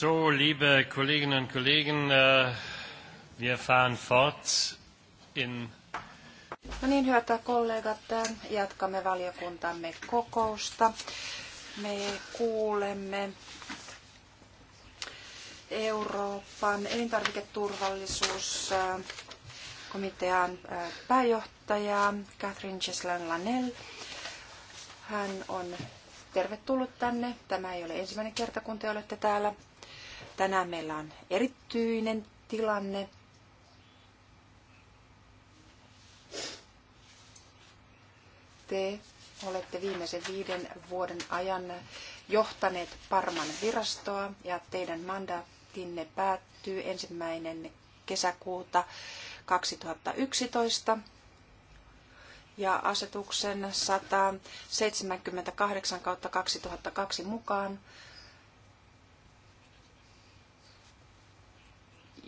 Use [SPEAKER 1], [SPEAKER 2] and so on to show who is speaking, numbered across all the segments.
[SPEAKER 1] So, liebe Kolleginnen und Kollegen, äh,
[SPEAKER 2] wir fahren fort in
[SPEAKER 3] No niin, hyvät kollegat, äh, jatkamme valiokuntamme kokousta. Me kuulemme Euroopan elintarviketurvallisuuskomitean äh, pääjohtajaa Catherine Cheslan Lanel. Hän on tervetullut tänne. Tämä ei ole ensimmäinen kerta, kun te olette täällä Tänään meillä on erityinen tilanne. Te olette viimeisen viiden vuoden ajan johtaneet Parman virastoa ja teidän mandaattinne päättyy ensimmäinen kesäkuuta 2011 ja asetuksen 178 kautta 2002 mukaan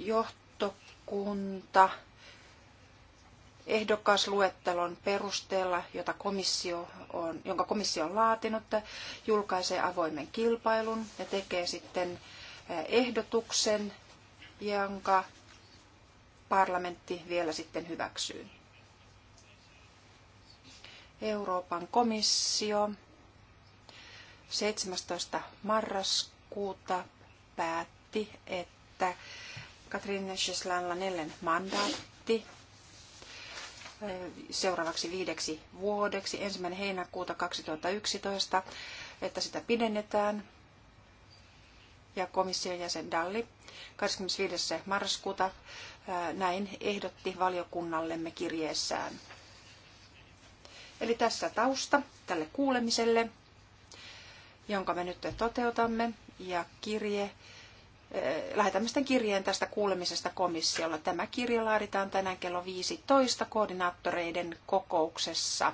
[SPEAKER 3] johtokunta ehdokasluettelon perusteella, jota komissio on, jonka komissio on laatinut, julkaisee avoimen kilpailun ja tekee sitten eh, ehdotuksen, jonka parlamentti vielä sitten hyväksyy. Euroopan komissio 17. marraskuuta päätti, että Katrin scheslan Nellen mandaatti seuraavaksi viideksi vuodeksi, ensimmäinen heinäkuuta 2011, että sitä pidennetään. Ja komission jäsen Dalli 25. marraskuuta näin ehdotti valiokunnallemme kirjeessään. Eli tässä tausta tälle kuulemiselle, jonka me nyt toteutamme, ja kirje Eh, lähetämme sitten kirjeen tästä kuulemisesta komissiolla. Tämä kirja laaditaan tänään kello 15 koordinaattoreiden kokouksessa.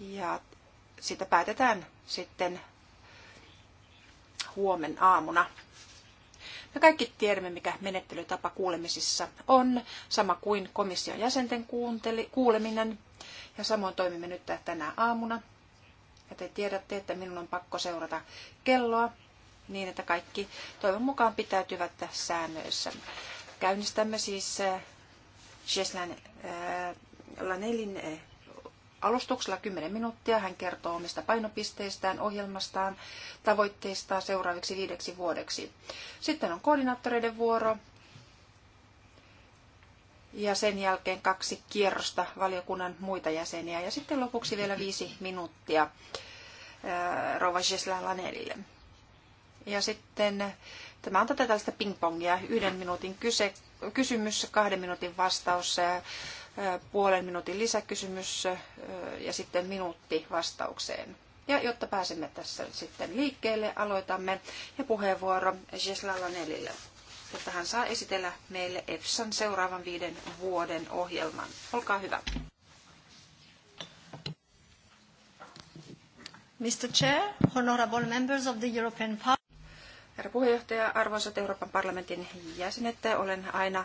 [SPEAKER 3] Ja sitä päätetään sitten huomen aamuna. Me kaikki tiedämme, mikä menettelytapa kuulemisissa on, sama kuin komission jäsenten kuunteli, kuuleminen. Ja samoin toimimme nyt tänä aamuna. Ja te tiedätte, että minun on pakko seurata kelloa, niin, että kaikki toivon mukaan pitäytyvät säännöissä. Käynnistämme siis Cheslan eh, eh, Lanelin eh, alustuksella 10 minuuttia. Hän kertoo omista painopisteistään, ohjelmastaan, tavoitteistaan seuraaviksi viideksi vuodeksi. Sitten on koordinaattoreiden vuoro. Ja sen jälkeen kaksi kierrosta valiokunnan muita jäseniä. Ja sitten lopuksi vielä viisi minuuttia Rova Gisela Lanelille. Ja sitten tämä on tätä tällaista pingpongia. Yhden minuutin kyse, kysymys, kahden minuutin vastaus, puolen minuutin lisäkysymys ja sitten minuutti vastaukseen. Ja jotta pääsemme tässä sitten liikkeelle, aloitamme ja puheenvuoro Jesla Lanelille, jotta hän saa esitellä meille EFSAn seuraavan viiden vuoden ohjelman. Olkaa hyvä. Mr. Chair, honorable members of the European Parliament. Herra puheenjohtaja, arvoisat Euroopan parlamentin jäsenet, olen aina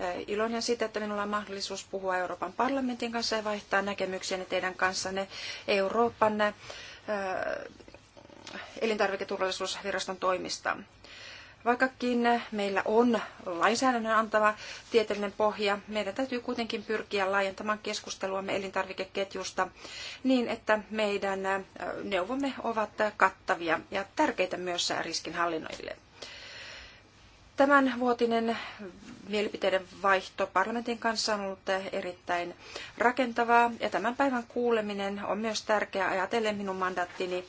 [SPEAKER 3] eh, iloinen siitä, että minulla on mahdollisuus puhua Euroopan parlamentin kanssa ja vaihtaa näkemyksiäni teidän kanssanne Euroopan eh, elintarviketurvallisuusviraston toimista. Vaikkakin meillä on lainsäädännön antava tieteellinen pohja, meidän täytyy kuitenkin pyrkiä laajentamaan keskusteluamme elintarvikeketjusta niin, että meidän neuvomme ovat kattavia ja tärkeitä myös riskinhallinnoille. Tämän vuotinen mielipiteiden vaihto parlamentin kanssa on ollut erittäin rakentavaa ja tämän päivän kuuleminen on myös tärkeää ajatellen minun mandaattini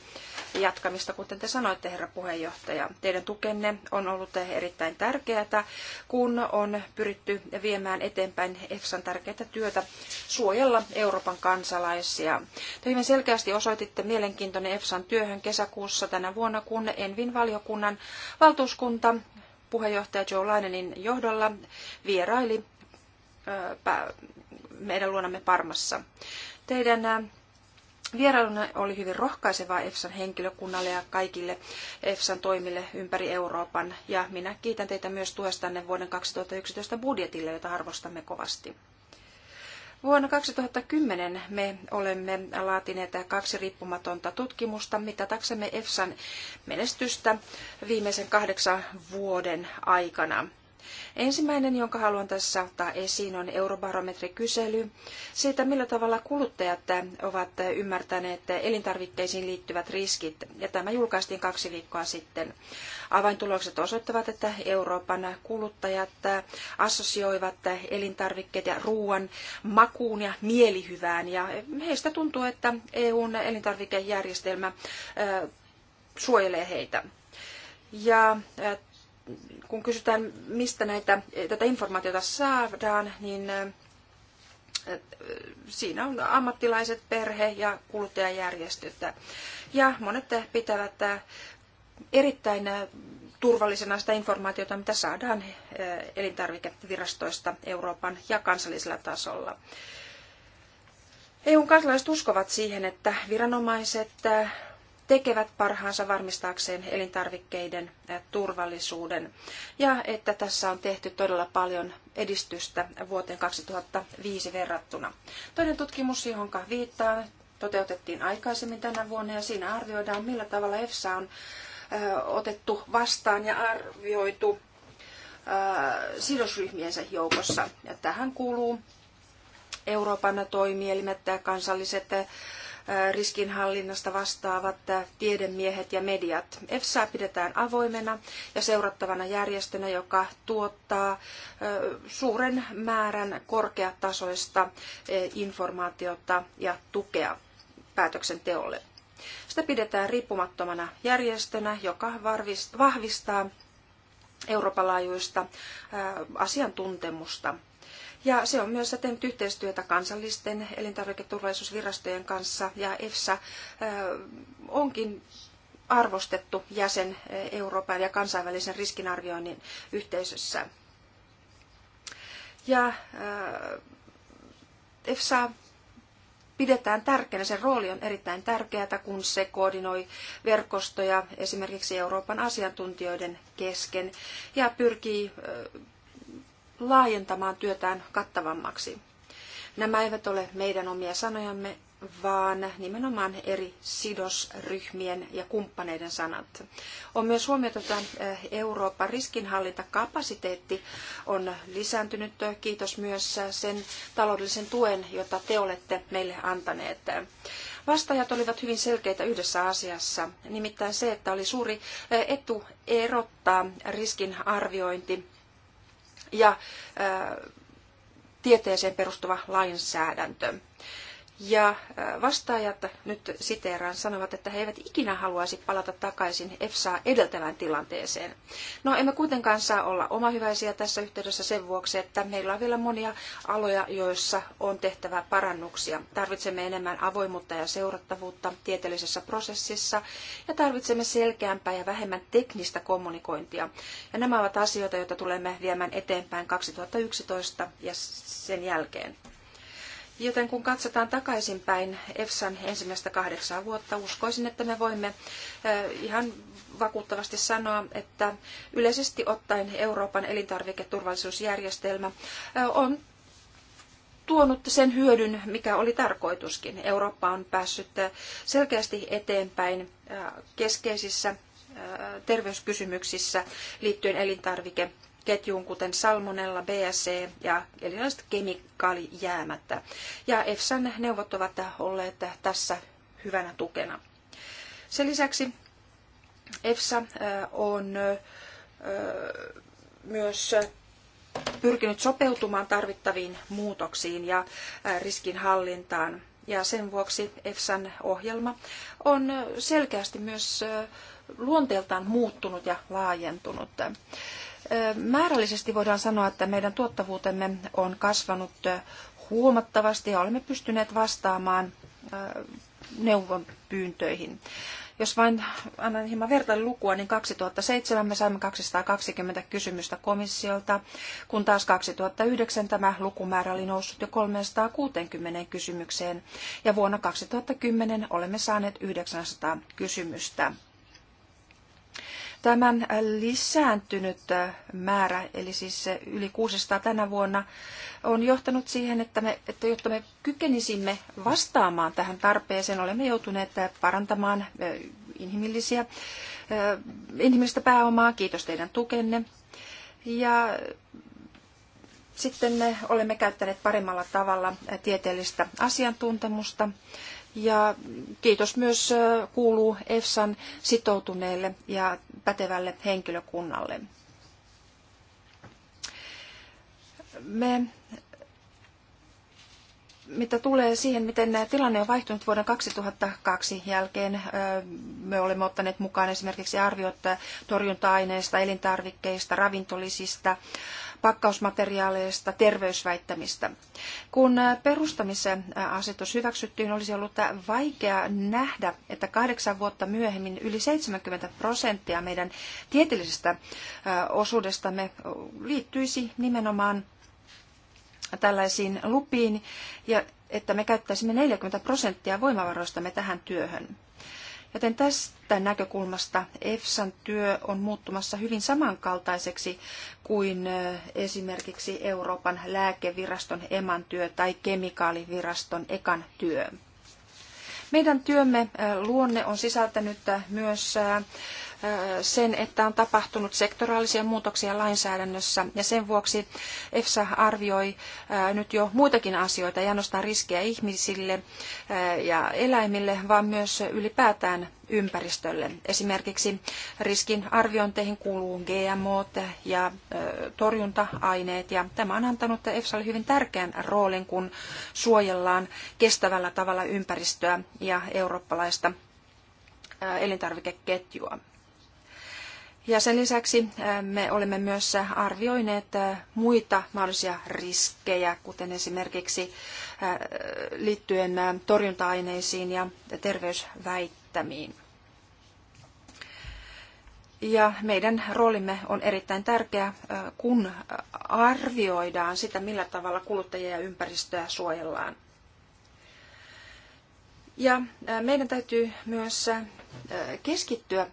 [SPEAKER 3] jatkamista, kuten te sanoitte, herra puheenjohtaja. Teidän tukenne on ollut erittäin tärkeää, kun on pyritty viemään eteenpäin EFSAn tärkeää työtä suojella Euroopan kansalaisia. Te hyvin selkeästi osoititte mielenkiintoinen EFSAn työhön kesäkuussa tänä vuonna, kun Envin valiokunnan valtuuskunta puheenjohtaja Joe Lainenin johdolla vieraili meidän luonamme Parmassa. Teidän Vierailuna oli hyvin rohkaisevaa EFSAn henkilökunnalle ja kaikille EFSAn toimille ympäri Euroopan. Ja minä kiitän teitä myös tuestanne vuoden 2011 budjetille, jota arvostamme kovasti. Vuonna 2010 me olemme laatineet kaksi riippumatonta tutkimusta mitataksemme EFSAn menestystä viimeisen kahdeksan vuoden aikana. Ensimmäinen, jonka haluan tässä ottaa esiin, on eurobarometrikysely siitä, millä tavalla kuluttajat ovat ymmärtäneet elintarvikkeisiin liittyvät riskit. Ja tämä julkaistiin kaksi viikkoa sitten. Avaintulokset osoittavat, että Euroopan kuluttajat assosioivat elintarvikkeet ja ruoan makuun ja mielihyvään. Ja heistä tuntuu, että EUn elintarvikejärjestelmä suojelee heitä. Ja kun kysytään, mistä näitä, tätä informaatiota saadaan, niin siinä on ammattilaiset, perhe ja kuluttajajärjestöt. Ja monet pitävät erittäin turvallisena sitä informaatiota, mitä saadaan elintarvikevirastoista Euroopan ja kansallisella tasolla. eu kansalaiset uskovat siihen, että viranomaiset tekevät parhaansa varmistaakseen elintarvikkeiden turvallisuuden ja että tässä on tehty todella paljon edistystä vuoteen 2005 verrattuna. Toinen tutkimus, johon viittaan, toteutettiin aikaisemmin tänä vuonna ja siinä arvioidaan, millä tavalla EFSA on otettu vastaan ja arvioitu sidosryhmiensä joukossa. Ja tähän kuuluu Euroopan toimielimet, kansalliset riskinhallinnasta vastaavat tiedemiehet ja mediat. EFSA pidetään avoimena ja seurattavana järjestönä, joka tuottaa suuren määrän korkeatasoista informaatiota ja tukea päätöksenteolle. Sitä pidetään riippumattomana järjestönä, joka vahvistaa Euroopan laajuista asiantuntemusta ja se on myös tehnyt yhteistyötä kansallisten elintarviketurvallisuusvirastojen kanssa ja EFSA onkin arvostettu jäsen Euroopan ja kansainvälisen riskinarvioinnin yhteisössä. Ja EFSA pidetään tärkeänä, sen rooli on erittäin tärkeää, kun se koordinoi verkostoja esimerkiksi Euroopan asiantuntijoiden kesken ja pyrkii laajentamaan työtään kattavammaksi. Nämä eivät ole meidän omia sanojamme, vaan nimenomaan eri sidosryhmien ja kumppaneiden sanat. On myös huomioitu, että eh, Euroopan riskinhallintakapasiteetti on lisääntynyt. Kiitos myös eh, sen taloudellisen tuen, jota te olette meille antaneet. Vastaajat olivat hyvin selkeitä yhdessä asiassa, nimittäin se, että oli suuri eh, etu erottaa riskinarviointi ja tieteeseen perustuva lainsäädäntö. Ja vastaajat, nyt siteeraan, sanovat, että he eivät ikinä haluaisi palata takaisin EFSAa edeltävään tilanteeseen. No emme kuitenkaan saa olla omahyväisiä tässä yhteydessä sen vuoksi, että meillä on vielä monia aloja, joissa on tehtävä parannuksia. Tarvitsemme enemmän avoimuutta ja seurattavuutta tieteellisessä prosessissa ja tarvitsemme selkeämpää ja vähemmän teknistä kommunikointia. Ja nämä ovat asioita, joita tulemme viemään eteenpäin 2011 ja sen jälkeen. Joten kun katsotaan takaisinpäin EFSAn ensimmäistä kahdeksaa vuotta, uskoisin, että me voimme ihan vakuuttavasti sanoa, että yleisesti ottaen Euroopan elintarviketurvallisuusjärjestelmä on tuonut sen hyödyn, mikä oli tarkoituskin. Eurooppa on päässyt selkeästi eteenpäin keskeisissä terveyskysymyksissä liittyen elintarviketurvallisuuteen ketjuun, kuten salmonella, BSE ja erilaiset kemikaalijäämättä. Ja EFSAn neuvot ovat olleet tässä hyvänä tukena. Sen lisäksi EFSA on myös pyrkinyt sopeutumaan tarvittaviin muutoksiin ja riskinhallintaan. Ja sen vuoksi EFSAn ohjelma on selkeästi myös luonteeltaan muuttunut ja laajentunut. Määrällisesti voidaan sanoa, että meidän tuottavuutemme on kasvanut huomattavasti ja olemme pystyneet vastaamaan neuvon pyyntöihin. Jos vain annan hieman vertailulukua, niin 2007 me saimme 220 kysymystä komissiolta, kun taas 2009 tämä lukumäärä oli noussut jo 360 kysymykseen ja vuonna 2010 olemme saaneet 900 kysymystä tämän lisääntynyt määrä, eli siis yli 600 tänä vuonna, on johtanut siihen, että, me, että jotta me kykenisimme vastaamaan tähän tarpeeseen, olemme joutuneet parantamaan inhimillisiä, inhimillistä pääomaa, kiitos teidän tukenne. Ja sitten me olemme käyttäneet paremmalla tavalla tieteellistä asiantuntemusta ja kiitos myös kuuluu EFSAn sitoutuneelle ja pätevälle henkilökunnalle. Me, mitä tulee siihen, miten tilanne on vaihtunut vuoden 2002 jälkeen, me olemme ottaneet mukaan esimerkiksi arviot torjunta-aineista, elintarvikkeista, ravintolisista, pakkausmateriaaleista, terveysväittämistä. Kun perustamisen asetus hyväksyttiin, olisi ollut vaikea nähdä, että kahdeksan vuotta myöhemmin yli 70 prosenttia meidän tieteellisestä osuudestamme liittyisi nimenomaan tällaisiin lupiin ja että me käyttäisimme 40 prosenttia voimavaroistamme tähän työhön. Joten tästä näkökulmasta EFSAn työ on muuttumassa hyvin samankaltaiseksi kuin esimerkiksi Euroopan lääkeviraston EMAN työ tai kemikaaliviraston EKAN työ. Meidän työmme luonne on sisältänyt myös sen, että on tapahtunut sektoraalisia muutoksia lainsäädännössä ja sen vuoksi EFSA arvioi nyt jo muitakin asioita, ei ainoastaan riskejä ihmisille ja eläimille, vaan myös ylipäätään ympäristölle. Esimerkiksi riskin arviointeihin kuuluu GMO ja torjunta-aineet ja tämä on antanut EFSAlle hyvin tärkeän roolin, kun suojellaan kestävällä tavalla ympäristöä ja eurooppalaista elintarvikeketjua. Ja sen lisäksi me olemme myös arvioineet muita mahdollisia riskejä, kuten esimerkiksi liittyen torjunta-aineisiin ja terveysväittämiin. Ja meidän roolimme on erittäin tärkeä, kun arvioidaan sitä, millä tavalla kuluttajia ja ympäristöä suojellaan. Ja meidän täytyy myös keskittyä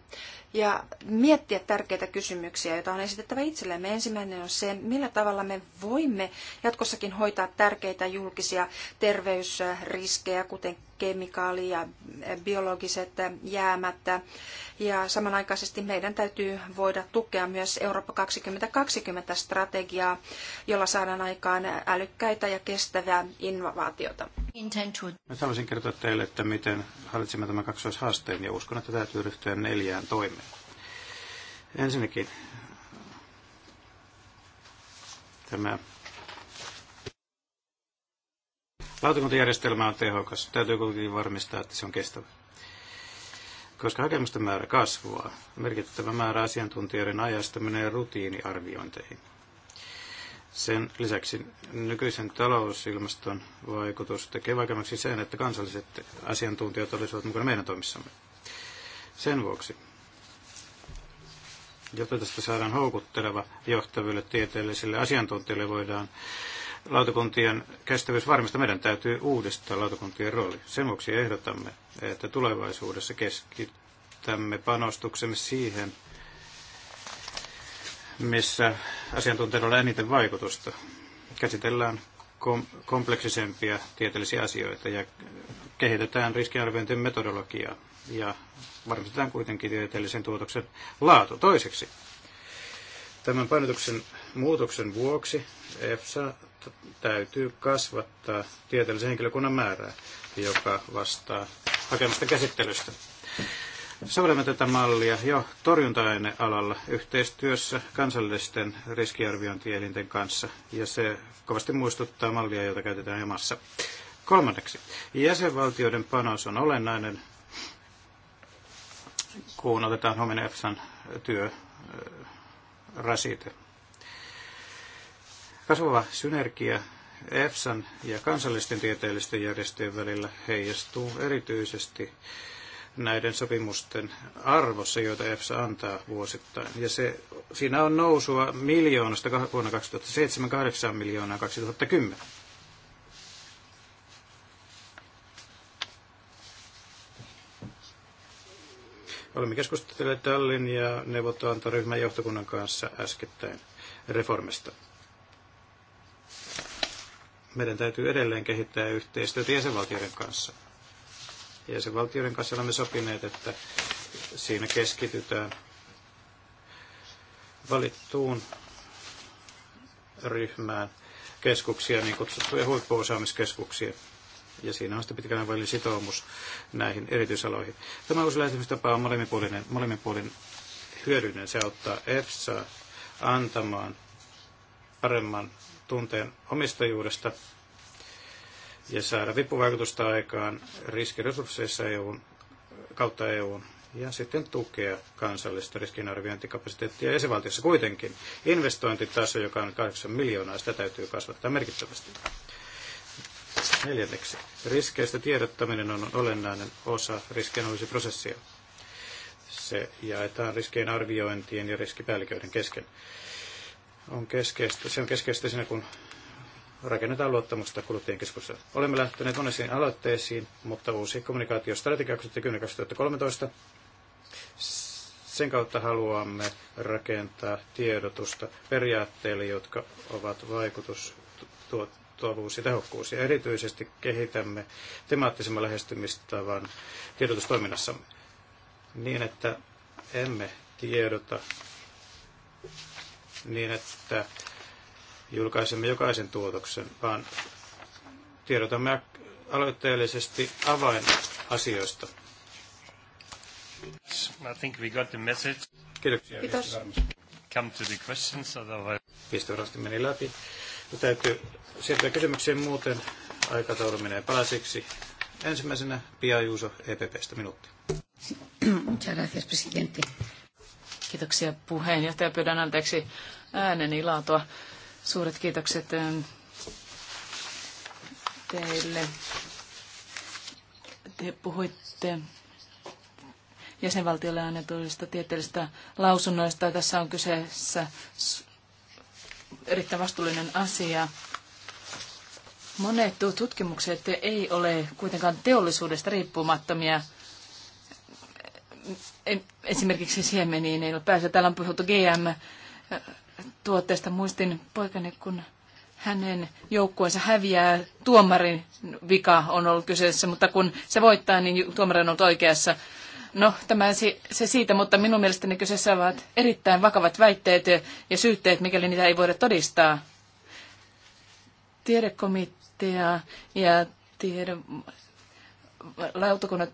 [SPEAKER 3] ja miettiä tärkeitä kysymyksiä, joita on esitettävä itsellemme. Ensimmäinen on se, millä tavalla me voimme jatkossakin hoitaa tärkeitä julkisia terveysriskejä, kuten kemikaali- ja biologiset jäämät. Ja samanaikaisesti meidän täytyy voida tukea myös Eurooppa 2020-strategiaa, jolla saadaan aikaan älykkäitä ja kestävää innovaatiota.
[SPEAKER 1] Mä haluaisin kertoa teille, että miten hallitsimme tämän kaksoishaasteen ja uskon, että täytyy ryhtyä neljään toimeen. Ensinnäkin tämä Lautakuntajärjestelmä on tehokas. Täytyy kuitenkin varmistaa, että se on kestävä. Koska hakemusten määrä kasvaa, merkittävä määrä asiantuntijoiden ajasta menee rutiiniarviointeihin. Sen lisäksi nykyisen talousilmaston vaikutus tekee vaikeammaksi sen, että kansalliset asiantuntijat olisivat mukana meidän toimissamme. Sen vuoksi, jotta tästä saadaan houkutteleva johtaville tieteellisille asiantuntijoille, voidaan lautakuntien kestävyys varmista meidän täytyy uudistaa lautakuntien rooli. Sen vuoksi ehdotamme, että tulevaisuudessa keskitämme panostuksemme siihen, missä asiantuntijoilla on eniten vaikutusta. Käsitellään kom- kompleksisempia tieteellisiä asioita ja kehitetään riskiarviointien metodologiaa ja varmistetaan kuitenkin tieteellisen tuotoksen laatu. Toiseksi, tämän painotuksen muutoksen vuoksi EFSA mutta täytyy kasvattaa tieteellisen henkilökunnan määrää, joka vastaa hakemusten käsittelystä. Sovellamme tätä mallia jo torjunta-ainealalla yhteistyössä kansallisten riskiarviointielinten kanssa, ja se kovasti muistuttaa mallia, jota käytetään emassa. Kolmanneksi, jäsenvaltioiden panos on olennainen, kun otetaan huomioon EFSAn työ rasite. Kasvava synergia EFSAn ja kansallisten tieteellisten järjestöjen välillä heijastuu erityisesti näiden sopimusten arvossa, joita EFSA antaa vuosittain. Ja se, siinä on nousua miljoonasta vuonna 2007 8 miljoonaa 2010. Olemme keskustelleet Tallin ja neuvottelantaryhmän johtokunnan kanssa äskettäin reformista meidän täytyy edelleen kehittää yhteistyötä jäsenvaltioiden kanssa. Jäsenvaltioiden kanssa olemme sopineet, että siinä keskitytään valittuun ryhmään keskuksia, niin kutsuttuja huippuosaamiskeskuksia. Ja siinä on sitten pitkän välin sitoumus näihin erityisaloihin. Tämä uusi lähestymistapa on molemminpuolinen, molemminpuolin hyödyllinen. Se auttaa EFSA antamaan paremman tunteen omistajuudesta ja saada vipuvaikutusta aikaan riskiresursseissa EU, kautta EU ja sitten tukea kansallista riskinarviointikapasiteettia esivaltiossa kuitenkin. Investointitaso, joka on 8 miljoonaa, sitä täytyy kasvattaa merkittävästi. Neljänneksi, riskeistä tiedottaminen on olennainen osa riskianalyysiprosessia. Se jaetaan riskien arviointiin ja riskipäälliköiden kesken on keskeistä, se on keskeistä siinä, kun rakennetaan luottamusta kuluttajien keskuudessa. Olemme lähteneet monisiin aloitteisiin, mutta uusi kommunikaatiostrategia 2013 sen kautta haluamme rakentaa tiedotusta periaatteille, jotka ovat vaikutus, tuottavuus ja tehokkuus. Ja erityisesti kehitämme temaattisemman lähestymistavan tiedotustoiminnassamme niin, että emme tiedota niin, että julkaisemme jokaisen tuotoksen, vaan tiedotamme aloitteellisesti avainasioista. I think we got the message. Kiitoksia. Kiitos. Come to the questions, otherwise... meni läpi. Ja täytyy siirtyä kysymyksiin muuten. Aikataulu menee palasiksi. Ensimmäisenä Pia Juuso EPPstä minuutti.
[SPEAKER 2] Muchas gracias, presidente. Kiitoksia puheenjohtaja. Pyydän anteeksi ääneni laatua. Suuret kiitokset ähm, teille. Te puhuitte jäsenvaltiolle annetuista tieteellisistä lausunnoista. Tässä on kyseessä erittäin vastuullinen asia. Monet tutkimukset ei ole kuitenkaan teollisuudesta riippumattomia esimerkiksi siemeniin ei ole päässyt. Täällä on puhuttu GM-tuotteesta. Muistin poikani, kun hänen joukkueensa häviää, tuomarin vika on ollut kyseessä, mutta kun se voittaa, niin tuomari on ollut oikeassa. No, tämä se siitä, mutta minun mielestäni kyseessä ovat erittäin vakavat väitteet ja syytteet, mikäli niitä ei voida todistaa. Tiedekomitea ja tiedon lautakunnat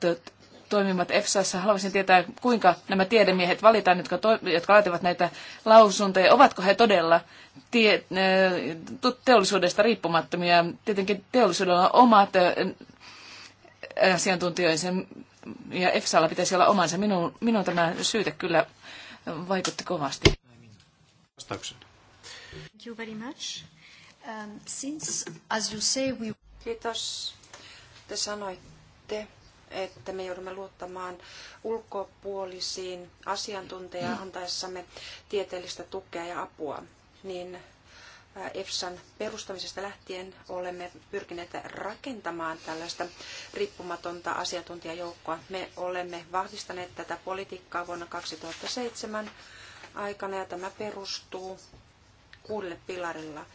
[SPEAKER 2] toimivat EFSAssa. Haluaisin tietää, kuinka nämä tiedemiehet valitaan, jotka, to, jotka laativat näitä lausuntoja. Ovatko he todella tie, äh, teollisuudesta riippumattomia? Tietenkin teollisuudella on omat äh, asiantuntijoinsa ja EFSAlla pitäisi olla omansa. Minun, minun tämä syyte kyllä vaikutti kovasti.
[SPEAKER 1] Vastauksen. Thank you very much.
[SPEAKER 3] Um, since,
[SPEAKER 4] as you say, we...
[SPEAKER 3] Kiitos. Te sanoitte, että me joudumme luottamaan ulkopuolisiin asiantuntijaan antaessamme tieteellistä tukea ja apua, niin äh, EFSAn perustamisesta lähtien olemme pyrkineet rakentamaan tällaista riippumatonta asiantuntijajoukkoa. Me olemme vahvistaneet tätä politiikkaa vuonna 2007 aikana ja tämä perustuu kuudelle pilarilla.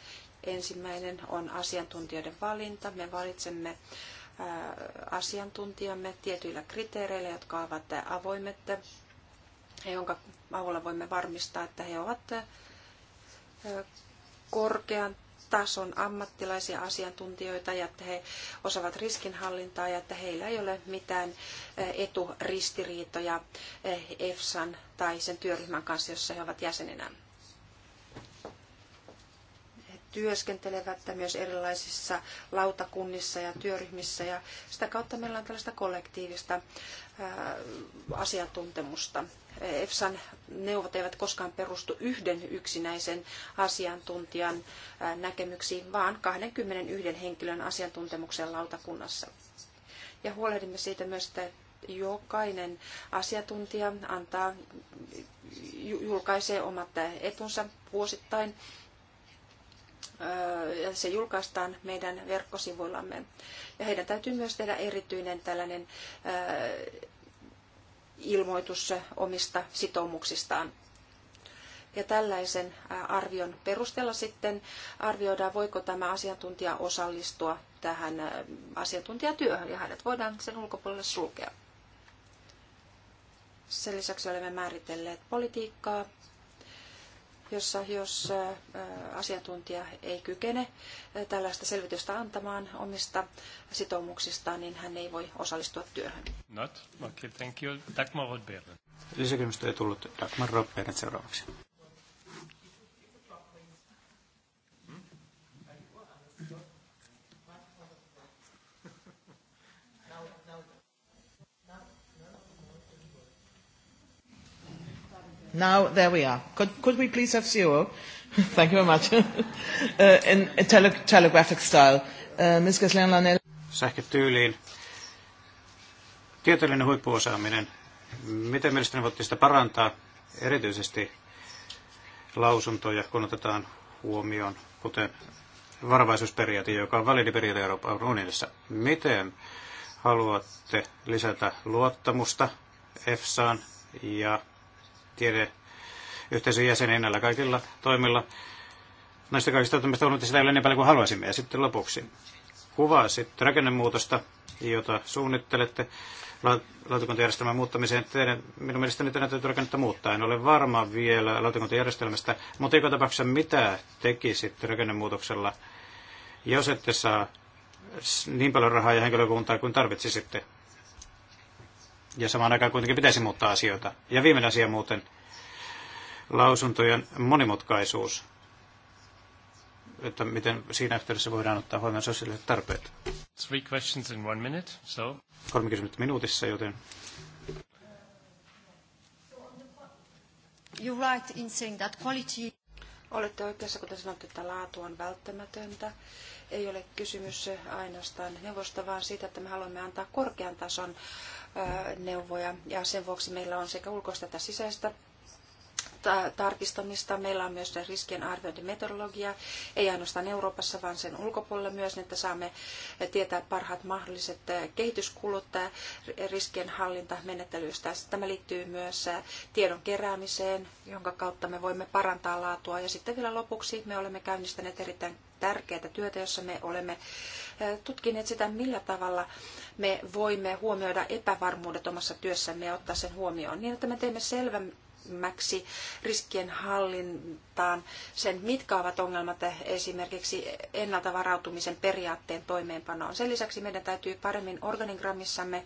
[SPEAKER 3] Ensimmäinen on asiantuntijoiden valinta. Me valitsemme asiantuntijamme tietyillä kriteereillä, jotka ovat avoimet, jonka avulla voimme varmistaa, että he ovat korkean tason ammattilaisia asiantuntijoita ja että he osaavat riskinhallintaa ja että heillä ei ole mitään eturistiriitoja EFSAn tai sen työryhmän kanssa, jossa he ovat jäseninä työskentelevät myös erilaisissa lautakunnissa ja työryhmissä ja sitä kautta meillä on tällaista kollektiivista asiantuntemusta. EFSAn neuvot eivät koskaan perustu yhden yksinäisen asiantuntijan näkemyksiin, vaan 21 henkilön asiantuntemuksen lautakunnassa. Ja huolehdimme siitä myös, että jokainen asiantuntija antaa, julkaisee omat etunsa vuosittain ja se julkaistaan meidän verkkosivuillamme. Ja heidän täytyy myös tehdä erityinen tällainen ilmoitus omista sitoumuksistaan. Ja tällaisen arvion perusteella sitten arvioidaan, voiko tämä asiantuntija osallistua tähän asiantuntijatyöhön ja hänet voidaan sen ulkopuolelle sulkea. Sen lisäksi olemme määritelleet politiikkaa, jossa jos asiantuntija ei kykene tällaista selvitystä antamaan omista sitoumuksistaan, niin hän ei voi osallistua työhön.
[SPEAKER 1] Not. Okay, thank you. Dagmar Lisäkysymystä ei tullut. Dagmar Rotberg seuraavaksi. Now, there we are. Could, could we please have zero? Thank you very much. uh, in a tele, telegraphic style. Uh, Ms. Keslen-Lanel. Sähkötyyliin. Tieteellinen huippuosaaminen. Miten mielestäni voitte sitä parantaa, erityisesti lausuntoja, kun otetaan huomioon, kuten varovaisuusperiaate, joka on validi periaate Euroopan unionissa. Miten haluatte lisätä luottamusta EFSAan ja tiede yhteisön jäseniä näillä kaikilla toimilla. Näistä kaikista toimista on sitä ei ole niin paljon kuin haluaisimme. Ja sitten lopuksi kuvaa sitten rakennemuutosta, jota suunnittelette lautakuntajärjestelmän muuttamiseen. Teidän, minun mielestäni teidän täytyy rakennetta muuttaa. En ole varma vielä lautakuntajärjestelmästä, mutta eikö tapauksessa mitä sitten rakennemuutoksella, jos ette saa niin paljon rahaa ja henkilökuntaa kuin tarvitsisitte? Ja samaan aikaan kuitenkin pitäisi muuttaa asioita. Ja viimeinen asia muuten, lausuntojen monimutkaisuus. Että miten siinä yhteydessä voidaan ottaa huomioon sosiaaliset tarpeet. Three questions in one minute, so. Kolme kysymystä minuutissa, joten...
[SPEAKER 3] You're right in saying that quality... Olette oikeassa, kun te sanotte, että laatu on välttämätöntä. Ei ole kysymys ainoastaan neuvosta, vaan siitä, että me haluamme antaa korkean tason äh, neuvoja ja sen vuoksi meillä on sekä ulkoista että sisäistä tarkistamista. Meillä on myös riskien arviointimetodologia, ei ainoastaan Euroopassa, vaan sen ulkopuolella myös, että saamme tietää parhaat mahdolliset eh, kehityskulut eh, riskien hallintamenettelyistä. Tämä liittyy myös eh, tiedon keräämiseen, jonka kautta me voimme parantaa laatua. Ja sitten vielä lopuksi me olemme käynnistäneet erittäin tärkeää työtä, jossa me olemme tutkineet sitä, millä tavalla me voimme huomioida epävarmuudet omassa työssämme ja ottaa sen huomioon niin, että me teemme selvän, lähemmäksi riskien hallintaan sen, mitkä ovat ongelmat esimerkiksi ennalta varautumisen periaatteen toimeenpanoon. Sen lisäksi meidän täytyy paremmin organigrammissamme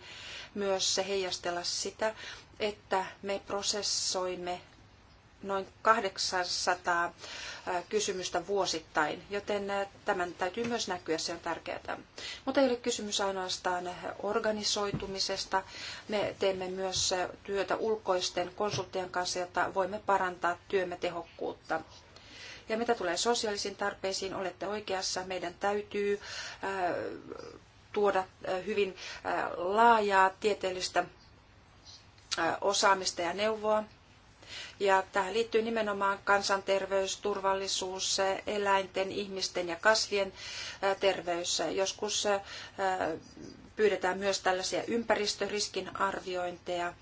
[SPEAKER 3] myös heijastella sitä, että me prosessoimme noin 800 kysymystä vuosittain, joten tämän täytyy myös näkyä, se on tärkeää. Mutta ei ole kysymys ainoastaan organisoitumisesta. Me teemme myös työtä ulkoisten konsulttien kanssa, jotta voimme parantaa työmme tehokkuutta. Ja mitä tulee sosiaalisiin tarpeisiin, olette oikeassa, meidän täytyy tuoda hyvin laajaa tieteellistä osaamista ja neuvoa ja tähän liittyy nimenomaan kansanterveys, turvallisuus, eläinten, ihmisten ja kasvien terveys. Joskus pyydetään myös tällaisia ympäristöriskin arviointeja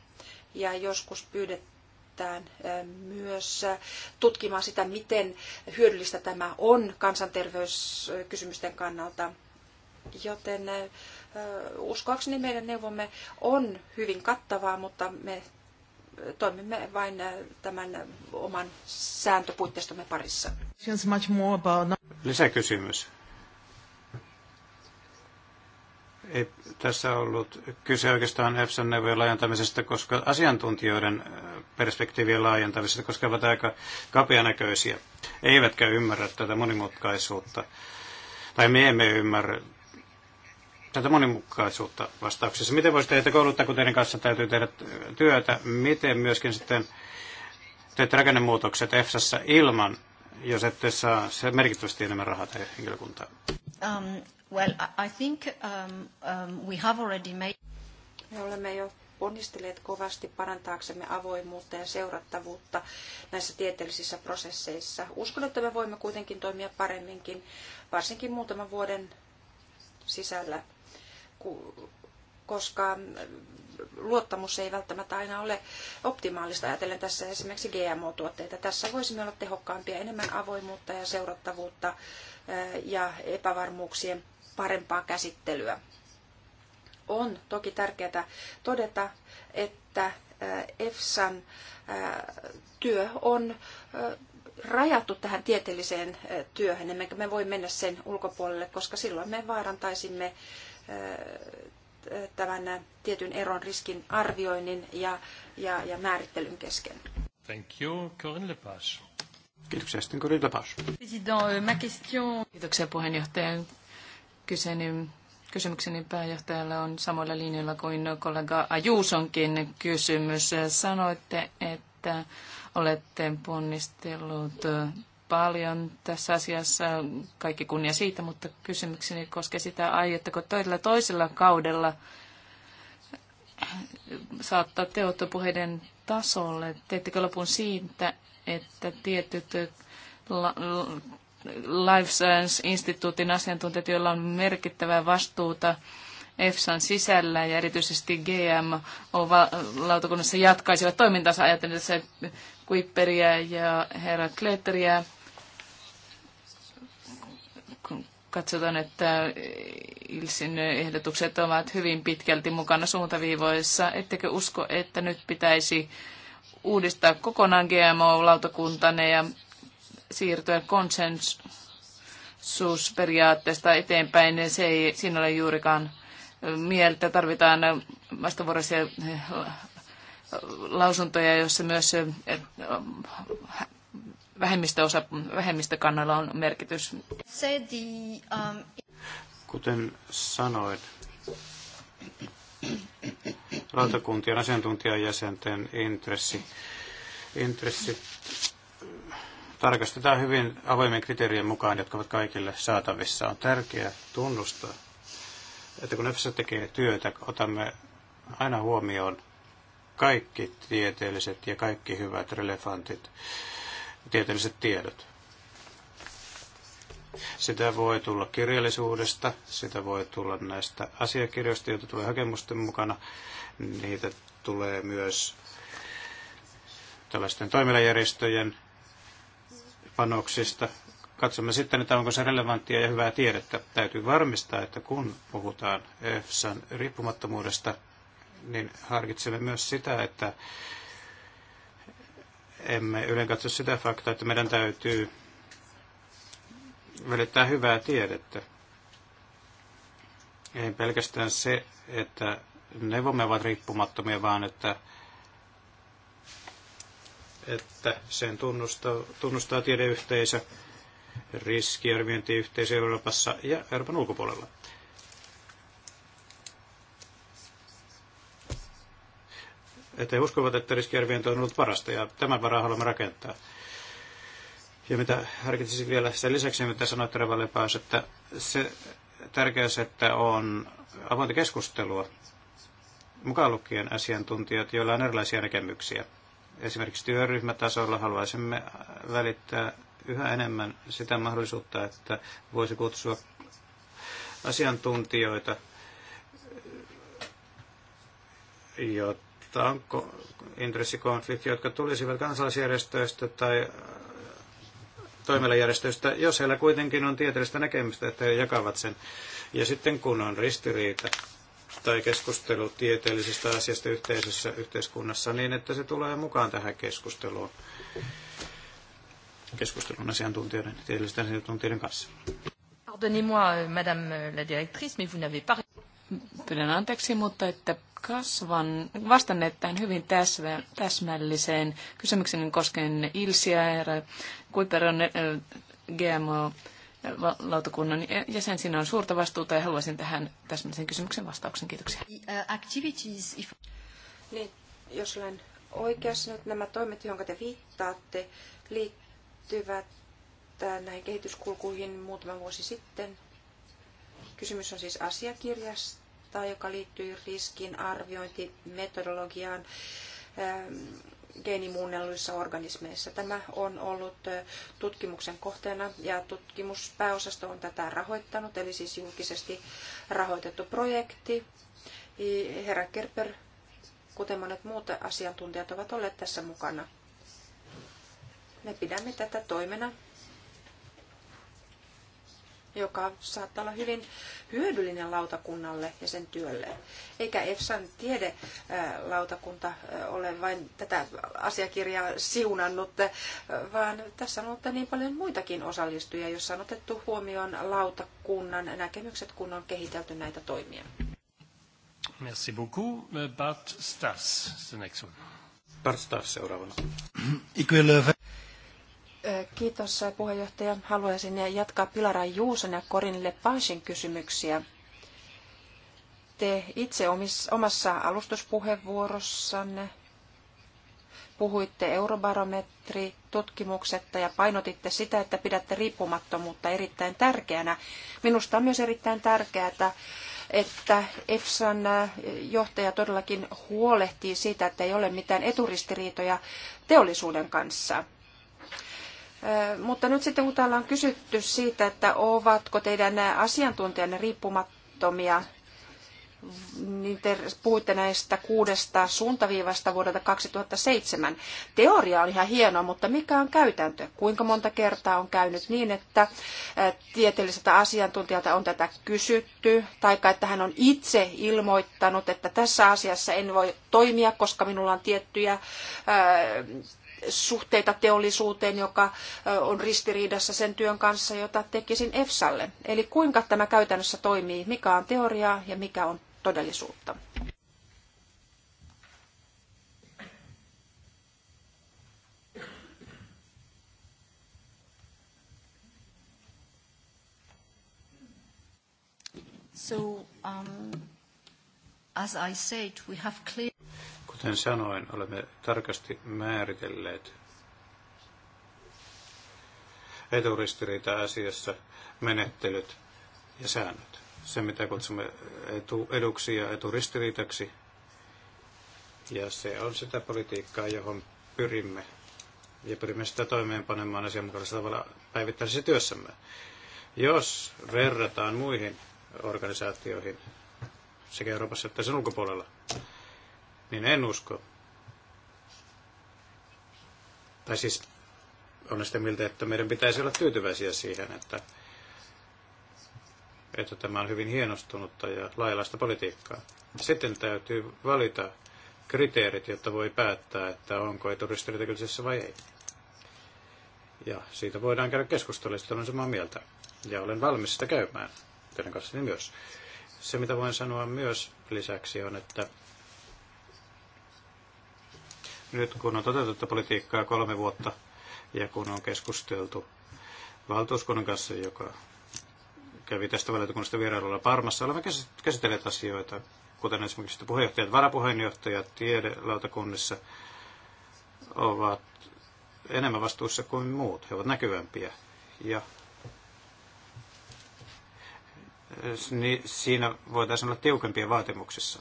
[SPEAKER 3] ja joskus pyydetään myös tutkimaan sitä, miten hyödyllistä tämä on kansanterveyskysymysten kannalta. Joten uskoakseni meidän neuvomme on hyvin kattavaa, mutta me toimimme vain äh, tämän äh, oman sääntöpuitteistomme parissa.
[SPEAKER 1] Lisäkysymys. Ei tässä ollut kyse oikeastaan efsa neuvojen laajentamisesta, koska asiantuntijoiden äh, perspektiivien laajentamisesta, koska ovat aika kapeanäköisiä, eivätkä ymmärrä tätä monimutkaisuutta. Tai me emme ymmärrä tätä monimutkaisuutta vastauksessa. Miten voisitte teitä kouluttaa, kun teidän kanssa täytyy tehdä työtä, miten myöskin sitten teette rakennemuutokset EFSassa ilman, jos ette saa se merkittävästi enemmän rahaa tai henkilökuntaa?
[SPEAKER 3] Um, well, I think um, um, we have already made... Me olemme jo ponnistelleet kovasti parantaaksemme avoimuutta ja seurattavuutta näissä tieteellisissä prosesseissa. Uskon, että me voimme kuitenkin toimia paremminkin, varsinkin muutaman vuoden sisällä koska luottamus ei välttämättä aina ole optimaalista. Ajatellen tässä esimerkiksi GMO-tuotteita. Tässä voisimme olla tehokkaampia, enemmän avoimuutta ja seurattavuutta ja epävarmuuksien parempaa käsittelyä. On toki tärkeää todeta, että EFSAn työ on rajattu tähän tieteelliseen työhön, emmekä me voi mennä sen ulkopuolelle, koska silloin me vaarantaisimme tämän tietyn eron riskin arvioinnin ja, ja, ja määrittelyn kesken.
[SPEAKER 1] Thank you, Corinne Lepage. Kiitoksia, sitten Corinne Lepage.
[SPEAKER 2] Euh, Kiitoksia puheenjohtaja. Kyseeni, kysymykseni pääjohtajalle on samoilla linjoilla kuin kollega Ajuusonkin kysymys. Sanoitte, että olette ponnistellut paljon tässä asiassa. Kaikki kunnia siitä, mutta kysymykseni koskee sitä, aiotteko toisella toisella kaudella saattaa teottopuheiden tasolle? Teettekö lopun siitä, että tietyt Life Science-instituutin asiantuntijat, joilla on merkittävää vastuuta EFSAn sisällä ja erityisesti GM-lautakunnassa jatkaisivat toimintansa ajatellen tässä Kuipperiä ja herra Kletteriä. Katsotaan, että Ilsin ehdotukset ovat hyvin pitkälti mukana suuntaviivoissa. Ettekö usko, että nyt pitäisi uudistaa kokonaan GMO-lautakuntanne ja siirtyä konsensusperiaatteesta eteenpäin? Se ei siinä ole juurikaan mieltä. Tarvitaan vastavuoroisia lausuntoja, joissa myös vähemmistöosa, vähemmistökannoilla on merkitys.
[SPEAKER 4] Um,
[SPEAKER 1] Kuten sanoin, lautakuntien asiantuntijajäsenten intressi, intressi tarkastetaan hyvin avoimen kriteerien mukaan, jotka ovat kaikille saatavissa. On tärkeää tunnustaa, että kun EFSA tekee työtä, otamme aina huomioon kaikki tieteelliset ja kaikki hyvät relevantit tieteelliset tiedot. Sitä voi tulla kirjallisuudesta, sitä voi tulla näistä asiakirjoista, joita tulee hakemusten mukana. Niitä tulee myös tällaisten toimilajärjestöjen panoksista. Katsomme sitten, että onko se relevanttia ja hyvää tiedettä. Täytyy varmistaa, että kun puhutaan EFSAn riippumattomuudesta, niin harkitsemme myös sitä, että emme ylenkatso sitä faktaa, että meidän täytyy välittää hyvää tiedettä. Ei pelkästään se, että neuvomme ovat riippumattomia, vaan että, että sen tunnustaa, tunnustaa tiedeyhteisö, riskiarviointiyhteisö Euroopassa ja Euroopan ulkopuolella. että he uskovat, että riskiarviointi on ollut parasta ja tämän varaan haluamme rakentaa. Ja mitä harkitsisin vielä sen lisäksi, mitä sanoit Revalle että se tärkeys, että on avointa keskustelua, mukaan lukien asiantuntijat, joilla on erilaisia näkemyksiä. Esimerkiksi työryhmätasolla haluaisimme välittää yhä enemmän sitä mahdollisuutta, että voisi kutsua asiantuntijoita, jotta vastaan intressikonflikti, jotka tulisivat kansalaisjärjestöistä tai äh, toimialajärjestöistä, jos heillä kuitenkin on tieteellistä näkemystä, että he jakavat sen. Ja sitten kun on ristiriita tai keskustelu tieteellisestä asiasta yhteisessä yhteiskunnassa, niin että se tulee mukaan tähän keskusteluun keskustelun asiantuntijoiden, tieteellisten asiantuntijoiden kanssa.
[SPEAKER 2] Pardonnez-moi, euh, madame euh, la directrice, mais vous n'avez pas... Pyydän anteeksi, mutta että kasvan, vastanneet tähän hyvin täsvä, täsmälliseen kysymykseen koskien Ilsiä, ja Kuiperon eh, GMO lautakunnan jäsen. Siinä on suurta vastuuta ja haluaisin tähän täsmälliseen kysymyksen vastauksen. Kiitoksia.
[SPEAKER 3] Eh, niin, jos olen oikeassa, nyt niin nämä toimet, joihin te viittaatte, liittyvät näihin kehityskulkuihin muutama vuosi sitten. Kysymys on siis asiakirjasta kohtaa, joka liittyy riskin arviointimetodologiaan ähm, geenimuunnelluissa organismeissa. Tämä on ollut äh, tutkimuksen kohteena ja tutkimuspääosasto on tätä rahoittanut, eli siis julkisesti rahoitettu projekti. Herra Kerper, kuten monet muut asiantuntijat ovat olleet tässä mukana. Me pidämme tätä toimena, joka saattaa olla hyvin hyödyllinen lautakunnalle ja sen työlle. Eikä EFSAn tiedelautakunta ole vain tätä asiakirjaa siunannut, vaan tässä on ollut niin paljon muitakin osallistujia, joissa on otettu huomioon lautakunnan näkemykset, kun on kehitelty näitä toimia.
[SPEAKER 1] Merci beaucoup. Bart Stas, the next one. Bart Stas seuraavana. Eh,
[SPEAKER 3] Kiitos puheenjohtaja. Haluaisin jatkaa Pilara Juuson ja Korin Lepashin kysymyksiä. Te itse omassa alustuspuheenvuorossanne puhuitte eurobarometritutkimuksesta ja painotitte sitä, että pidätte riippumattomuutta erittäin tärkeänä. Minusta on myös erittäin tärkeää, että EFSAn johtaja todellakin huolehtii siitä, että ei ole mitään eturistiriitoja teollisuuden kanssa. Mutta nyt sitten kun täällä on kysytty siitä, että ovatko teidän asiantuntijanne riippumattomia, niin te puhuitte näistä kuudesta suuntaviivasta vuodelta 2007. Teoria on ihan hienoa, mutta mikä on käytäntö? Kuinka monta kertaa on käynyt niin, että tieteelliseltä asiantuntijalta on tätä kysytty, tai että hän on itse ilmoittanut, että tässä asiassa en voi toimia, koska minulla on tiettyjä suhteita teollisuuteen, joka on ristiriidassa sen työn kanssa, jota tekisin EFSAlle. Eli kuinka tämä käytännössä toimii, mikä on teoriaa ja mikä on todellisuutta.
[SPEAKER 4] So, um, as I said, we have clear...
[SPEAKER 1] Kuten sanoin, olemme tarkasti määritelleet eturistiriita-asiassa menettelyt ja säännöt. Se, mitä kutsumme etu, eduksi ja eturistiriitaksi. Ja se on sitä politiikkaa, johon pyrimme. Ja pyrimme sitä toimeenpanemaan asianmukaisella tavalla päivittäisessä työssämme. Jos verrataan muihin organisaatioihin, sekä Euroopassa että sen ulkopuolella, niin en usko. Tai siis on sitä miltä, että meidän pitäisi olla tyytyväisiä siihen, että, että tämä on hyvin hienostunutta ja laajalaista politiikkaa. Sitten täytyy valita kriteerit, jotta voi päättää, että onko eturistiriitakylisessä vai ei. Ja siitä voidaan käydä keskustelua, että olen samaa mieltä. Ja olen valmis sitä käymään teidän kanssani myös. Se, mitä voin sanoa myös lisäksi, on, että nyt kun on toteutettu politiikkaa kolme vuotta ja kun on keskusteltu valtuuskunnan kanssa, joka kävi tästä valiokunnasta vierailulla Parmassa, olemme käsitelleet asioita, kuten esimerkiksi puheenjohtajat, varapuheenjohtajat tiedelautakunnissa ovat enemmän vastuussa kuin muut. He ovat näkyvämpiä ja niin siinä voitaisiin olla tiukempia vaatimuksissa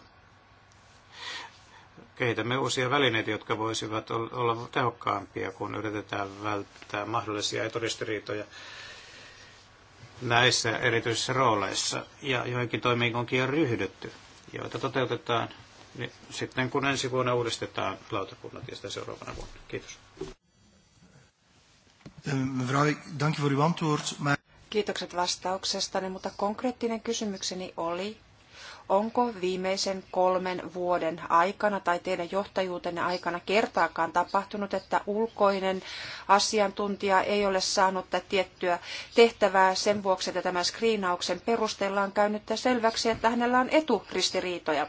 [SPEAKER 1] kehitämme uusia välineitä, jotka voisivat olla tehokkaampia, kun yritetään välttää mahdollisia eturistiriitoja näissä erityisissä rooleissa. Ja joihinkin toimiin onkin jo ryhdytty, joita toteutetaan niin sitten, kun ensi vuonna uudistetaan lautakunnat ja sitä seuraavana vuonna. Kiitos. Eh,
[SPEAKER 3] Kiitokset vastauksestani, mutta konkreettinen kysymykseni oli, onko viimeisen kolmen vuoden aikana tai teidän johtajuutenne aikana kertaakaan tapahtunut, että ulkoinen asiantuntija ei ole saanut tiettyä tehtävää sen vuoksi, että tämän skriinauksen perusteella on käynyt selväksi, että hänellä on eturistiriitoja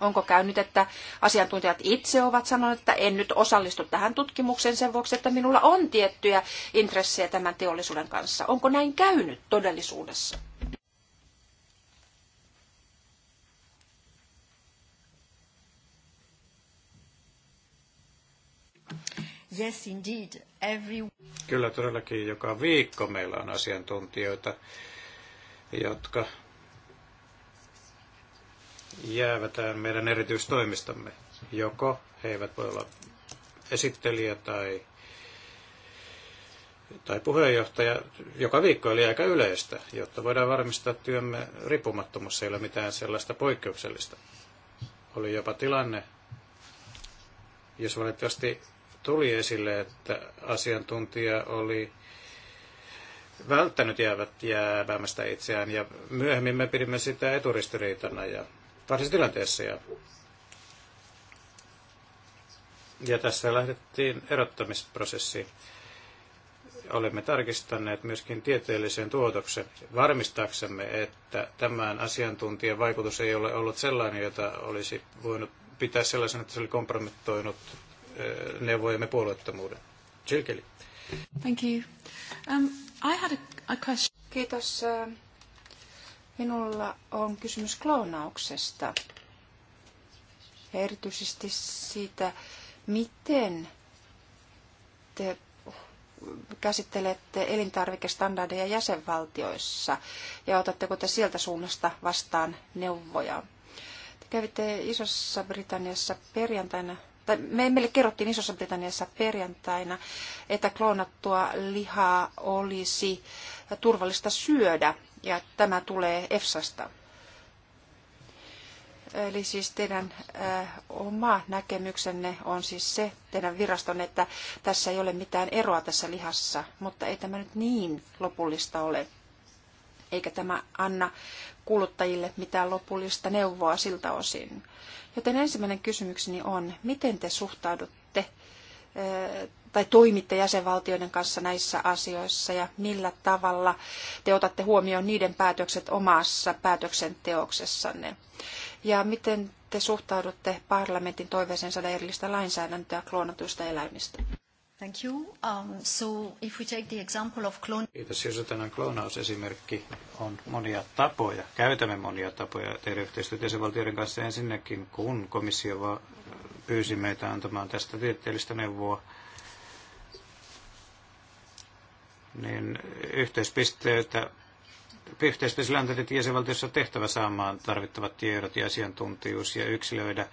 [SPEAKER 3] Onko käynyt, että asiantuntijat itse ovat sanoneet, että en nyt osallistu tähän tutkimukseen sen vuoksi, että minulla on tiettyjä intressejä tämän teollisuuden kanssa. Onko näin käynyt todellisuudessa?
[SPEAKER 4] Yes, indeed. Every...
[SPEAKER 1] Kyllä todellakin joka viikko meillä on asiantuntijoita, jotka jäävätään meidän erityistoimistamme. Joko he eivät voi olla esittelijä tai, tai puheenjohtaja joka viikko, eli aika yleistä, jotta voidaan varmistaa työmme riippumattomuus. Ei ole mitään sellaista poikkeuksellista. Oli jopa tilanne, jos valitettavasti tuli esille, että asiantuntija oli välttänyt jäävät jäävämästä itseään ja myöhemmin me pidimme sitä eturistiriitana ja varsin tilanteessa. Ja, ja tässä lähdettiin erottamisprosessiin. Olemme tarkistaneet myöskin tieteellisen tuotoksen varmistaaksemme, että tämän asiantuntijan vaikutus ei ole ollut sellainen, jota olisi voinut pitää sellaisena, että se oli kompromittoinut Eh, neuvojemme puolueettomuuden. Jill
[SPEAKER 3] Thank you. Um, I had a, a question. Kiitos. Eh, minulla on kysymys kloonauksesta. Ja erityisesti siitä, miten te käsittelette elintarvikestandardeja jäsenvaltioissa ja otatteko te sieltä suunnasta vastaan neuvoja? Te kävitte Isossa Britanniassa perjantaina tai me, meille kerrottiin Isossa Britanniassa perjantaina, että kloonattua lihaa olisi turvallista syödä ja tämä tulee EFSAsta. Eli siis teidän ö, äh, oma näkemyksenne on siis se, teidän viraston, että tässä ei ole mitään eroa tässä lihassa, mutta ei tämä nyt niin lopullista ole eikä tämä anna kuluttajille mitään lopullista neuvoa siltä osin. Joten ensimmäinen kysymykseni on, miten te suhtaudutte eh, tai toimitte jäsenvaltioiden kanssa näissä asioissa ja millä tavalla te otatte huomioon niiden päätökset omassa päätöksenteoksessanne? Ja miten te suhtaudutte parlamentin toiveeseen saada erillistä lainsäädäntöä kloonatuista eläimistä?
[SPEAKER 4] Thank you. Um, so if we take the example of clone...
[SPEAKER 1] Kiitos. Jos otetaan kloonausesimerkki, on monia tapoja. Käytämme monia tapoja tehdä yhteistyötä jäsenvaltioiden kanssa ensinnäkin, kun komissio pyysi meitä antamaan tästä tieteellistä neuvoa niin yhteispisteitä, yhteispisteillä antaneet jäsenvaltiossa tehtävä saamaan tarvittavat tiedot ja asiantuntijuus ja yksilöidä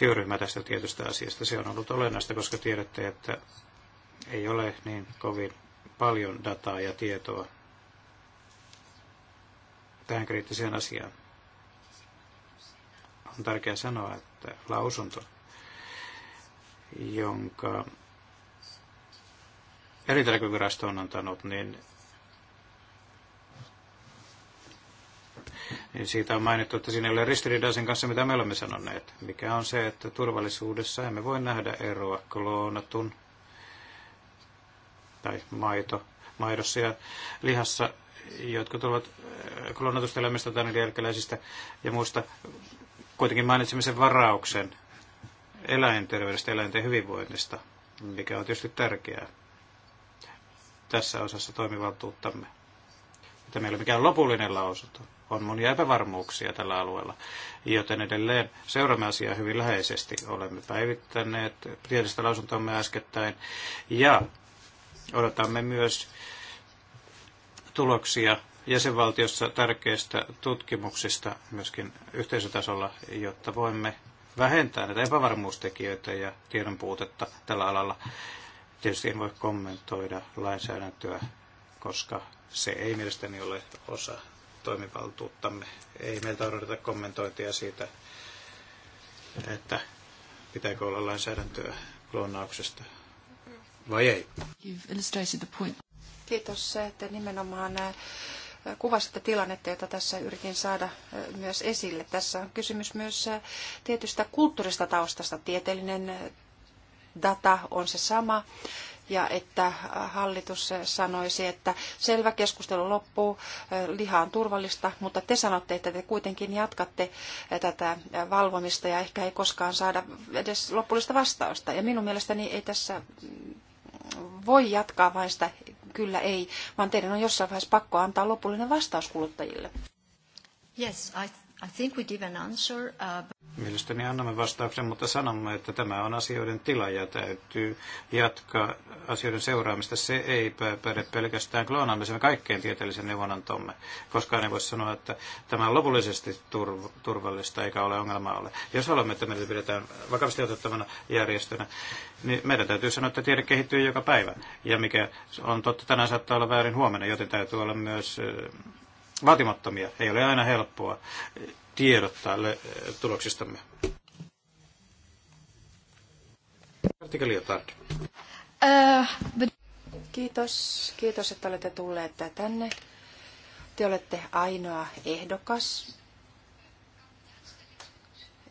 [SPEAKER 1] työryhmä tästä tietystä asiasta. Se on ollut olennaista, koska tiedätte, että ei ole niin kovin paljon dataa ja tietoa tähän kriittiseen asiaan. On tärkeää sanoa, että lausunto, jonka elintarvikevirasto on antanut, niin niin siitä on mainittu, että siinä ei ole ristiriitaa sen kanssa, mitä me olemme sanoneet, mikä on se, että turvallisuudessa emme voi nähdä eroa kloonatun tai maito, maidossa ja lihassa, jotka tulevat äh, kloonatusta elämistä tai jälkeläisistä ja muista. Kuitenkin mainitsimme sen varauksen eläinterveydestä, eläinten hyvinvoinnista, mikä on tietysti tärkeää tässä osassa toimivaltuuttamme. Tämä ei ole mikään lopullinen lausunto. On monia epävarmuuksia tällä alueella, joten edelleen seuraamme asiaa hyvin läheisesti. Olemme päivittäneet tiedellistä lausuntoamme äskettäin ja odotamme myös tuloksia jäsenvaltiossa tärkeistä tutkimuksista myöskin yhteisötasolla, jotta voimme vähentää näitä epävarmuustekijöitä ja tiedon puutetta tällä alalla. Tietysti en voi kommentoida lainsäädäntöä, koska se ei mielestäni ole osa toimivaltuuttamme. Ei meiltä odoteta kommentointia siitä, että pitääkö olla lainsäädäntöä kloonauksesta vai ei.
[SPEAKER 3] Kiitos, että nimenomaan äh, kuvasitte tilannetta, jota tässä yritin saada äh, myös esille. Tässä on kysymys myös äh, tietystä kulttuurista taustasta. Tieteellinen data on se sama ja että hallitus sanoisi, että selvä keskustelu loppuu, liha on turvallista, mutta te sanotte, että te kuitenkin jatkatte tätä valvomista ja ehkä ei koskaan saada edes lopullista vastausta. Ja minun mielestäni ei tässä voi jatkaa vain sitä kyllä ei, vaan teidän on jossain vaiheessa pakko antaa lopullinen vastaus kuluttajille.
[SPEAKER 4] Yes, I I think we give an answer, uh...
[SPEAKER 1] Mielestäni annamme vastauksen, mutta sanomme, että tämä on asioiden tila ja täytyy jatkaa asioiden seuraamista. Se ei päde pelkästään kloonaamiseen kaikkeen tieteellisen neuvonantomme. Koskaan ei voi sanoa, että tämä on lopullisesti turv- turvallista eikä ole ongelmaa ole. Jos haluamme, että meitä pidetään vakavasti otettavana järjestönä, niin meidän täytyy sanoa, että tiede kehittyy joka päivä. Ja mikä on totta tänään saattaa olla väärin huomenna, joten täytyy olla myös vaatimattomia. Ei ole aina helppoa tiedottaa tuloksistamme.
[SPEAKER 3] Äh, kiitos, kiitos, että olette tulleet tänne. Te olette ainoa ehdokas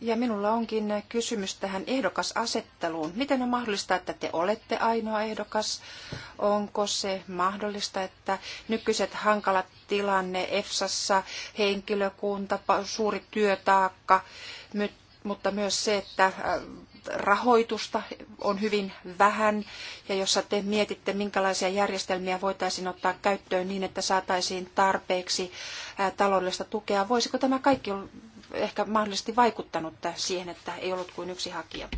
[SPEAKER 3] ja minulla onkin kysymys tähän ehdokasasetteluun. Miten on mahdollista, että te olette ainoa ehdokas? Onko se mahdollista, että nykyiset hankalat tilanne EFSassa, henkilökunta, suuri työtaakka, mutta myös se, että äh, rahoitusta on hyvin vähän ja jossa te mietitte, minkälaisia järjestelmiä voitaisiin ottaa käyttöön niin, että saataisiin tarpeeksi äh, taloudellista tukea. Voisiko tämä kaikki ehkä mahdollisesti vaikuttanut siihen, että ei ollut kuin yksi hakija?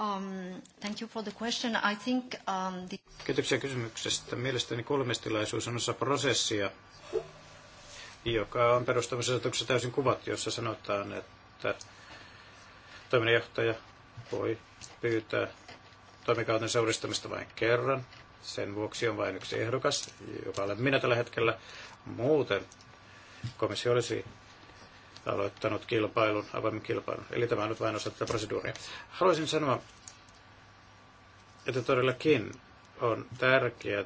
[SPEAKER 4] Um, thank you for the question. I think, um, the...
[SPEAKER 1] Kiitoksia kysymyksestä. Mielestäni kolmestilaisuus on osa prosessia, joka on perustamisasetuksessa täysin kuvat, jossa sanotaan, että toiminnanjohtaja voi pyytää toimikauden seuristamista vain kerran. Sen vuoksi on vain yksi ehdokas, joka olen minä tällä hetkellä. Muuten komissio olisi aloittanut kilpailun, avoimen kilpailun. Eli tämä on nyt vain osa tätä proseduuria. Haluaisin sanoa, että todellakin on tärkeää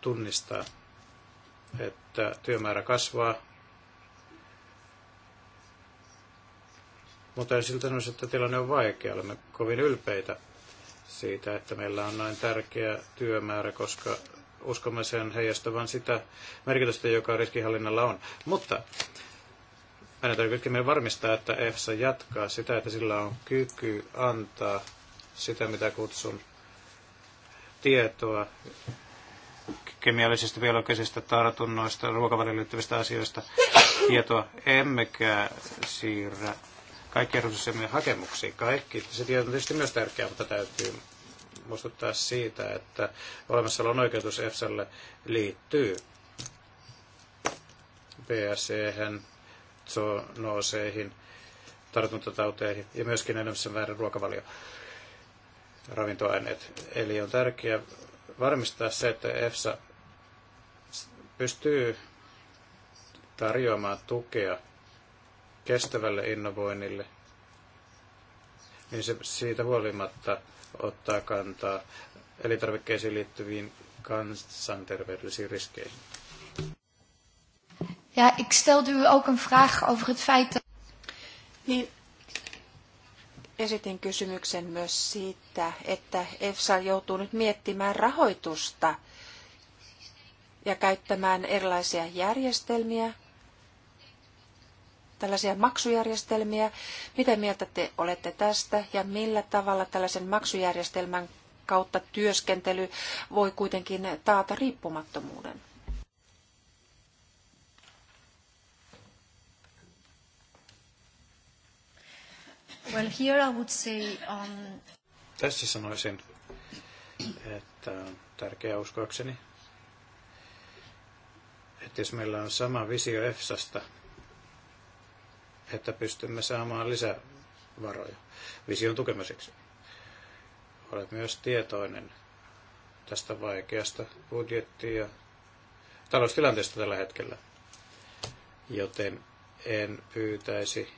[SPEAKER 1] tunnistaa, että työmäärä kasvaa, mutta en siltä sanoisi, että tilanne on vaikea. Olemme kovin ylpeitä siitä, että meillä on näin tärkeä työmäärä, koska uskomme sen heijastavan sitä merkitystä, joka riskihallinnalla on. Mutta aina täytyy kuitenkin varmistaa, että EFSA jatkaa sitä, että sillä on kyky antaa sitä, mitä kutsun tietoa kemiallisista, biologisista tartunnoista, ruokavalioon liittyvistä asioista tietoa, emmekä siirrä kaikki resurssimme hakemuksiin. Kaikki, se tieto on tietysti myös tärkeää, mutta täytyy muistuttaa siitä, että olemassaolon oikeutus EFSAlle liittyy BSE, zoonooseihin, tartuntatauteihin ja myöskin enemmän väärän ruokavalio ravintoaineet. Eli on tärkeää varmistaa se, että EFSA pystyy tarjoamaan tukea kestävälle innovoinnille, niin se siitä huolimatta ottaa kantaa elintarvikkeisiin liittyviin kansanterveydellisiin riskeihin.
[SPEAKER 4] Ja, ik stelde u ook een vraag over het feit dat... Niin,
[SPEAKER 3] esitin kysymyksen myös siitä, että EFSA joutuu nyt miettimään rahoitusta ja käyttämään erilaisia järjestelmiä, tällaisia maksujärjestelmiä. Mitä mieltä te olette tästä ja millä tavalla tällaisen maksujärjestelmän kautta työskentely voi kuitenkin taata riippumattomuuden? Well, here I
[SPEAKER 4] would say, um...
[SPEAKER 1] Tässä sanoisin, että on tärkeää uskoakseni, että jos meillä on sama visio EFSAsta, että pystymme saamaan lisävaroja vision tukemiseksi. Olet myös tietoinen tästä vaikeasta budjetti- ja taloustilanteesta tällä hetkellä, joten en pyytäisi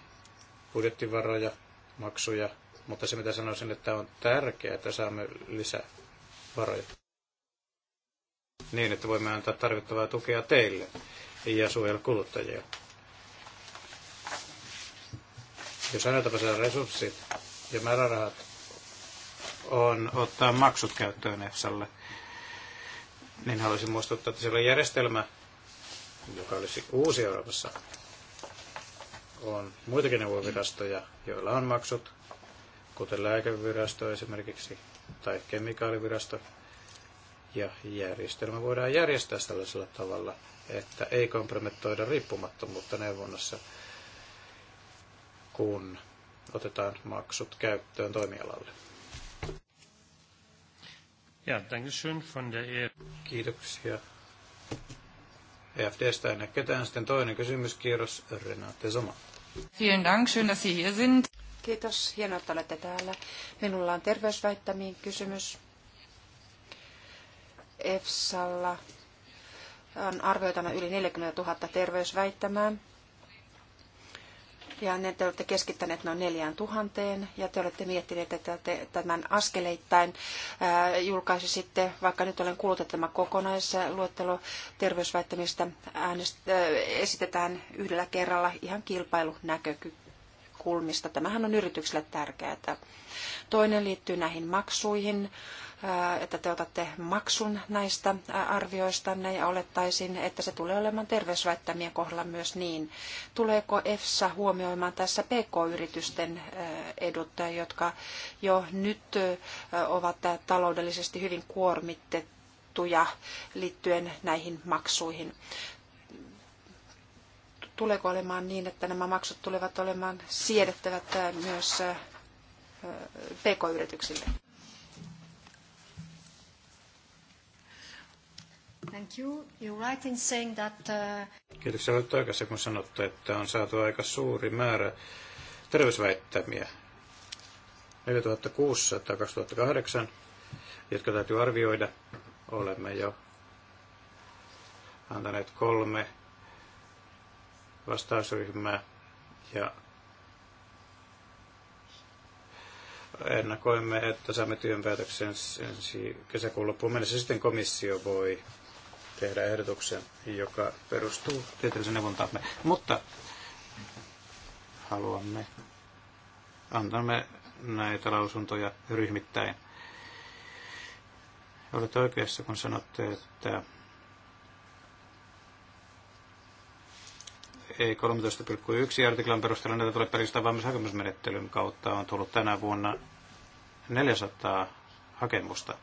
[SPEAKER 1] budjettivaroja, maksuja, mutta se mitä sanoisin, että on tärkeää, että saamme lisävaroja niin, että voimme antaa tarvittavaa tukea teille ja suojella kuluttajia. Jos häneltäpä saa resurssit ja määrärahat on ottaa maksut käyttöön EFSAlle, niin haluaisin muistuttaa, että siellä järjestelmä, joka olisi uusi Euroopassa, on muitakin neuvovirastoja, joilla on maksut, kuten lääkevirasto esimerkiksi tai kemikaalivirasto. Ja järjestelmä voidaan järjestää sellaisella tavalla, että ei kompromettoida riippumattomuutta neuvonnassa kun otetaan maksut käyttöön toimialalle. Ja, Dankeschön von der EF. Kiitoksia. EFDstä ennen ketään. Sitten toinen kysymyskierros, Renate Soma.
[SPEAKER 3] Vielen Dank, schön, dass Sie hier sind. Kiitos, hienoa, että olette täällä. Minulla on terveysväittämiin kysymys. EFSalla on arvioitana yli 40 000 terveysväittämää ja ne te olette keskittäneet noin neljään tuhanteen ja te olette miettineet, että te tämän askeleittain julkaisi sitten vaikka nyt olen kuullut, että tämä kokonaisluettelo terveysväittämistä äänest- ää, esitetään yhdellä kerralla ihan kilpailunäkökulmista. Tämähän on yrityksille tärkeää. Toinen liittyy näihin maksuihin että te otatte maksun näistä arvioistanne ja olettaisin, että se tulee olemaan terveysväittämien kohdalla myös niin. Tuleeko EFSA huomioimaan tässä PK-yritysten edut, jotka jo nyt ovat taloudellisesti hyvin kuormitettuja liittyen näihin maksuihin? Tuleeko olemaan niin, että nämä maksut tulevat olemaan siedettävät myös PK-yrityksille?
[SPEAKER 4] Thank you. You're right in saying that, uh,
[SPEAKER 1] Kiitoksia olette oikeassa, kun sanotte, että on saatu aika suuri määrä terveysväittämiä. 4600 2008, jotka täytyy arvioida. Olemme jo antaneet kolme vastausryhmää ja ennakoimme, että saamme työnpäätöksen ensi kesäkuun loppuun mennessä. Sitten komissio voi tehdä ehdotuksen, joka perustuu tieteellisen neuvontaamme. Mutta haluamme, antamme näitä lausuntoja ryhmittäin. Olet oikeassa, kun sanotte, että ei 13.1 artiklan perusteella näitä tulee pelkästään vaan hakemusmenettelyn kautta. On tullut tänä vuonna 400 hakemusta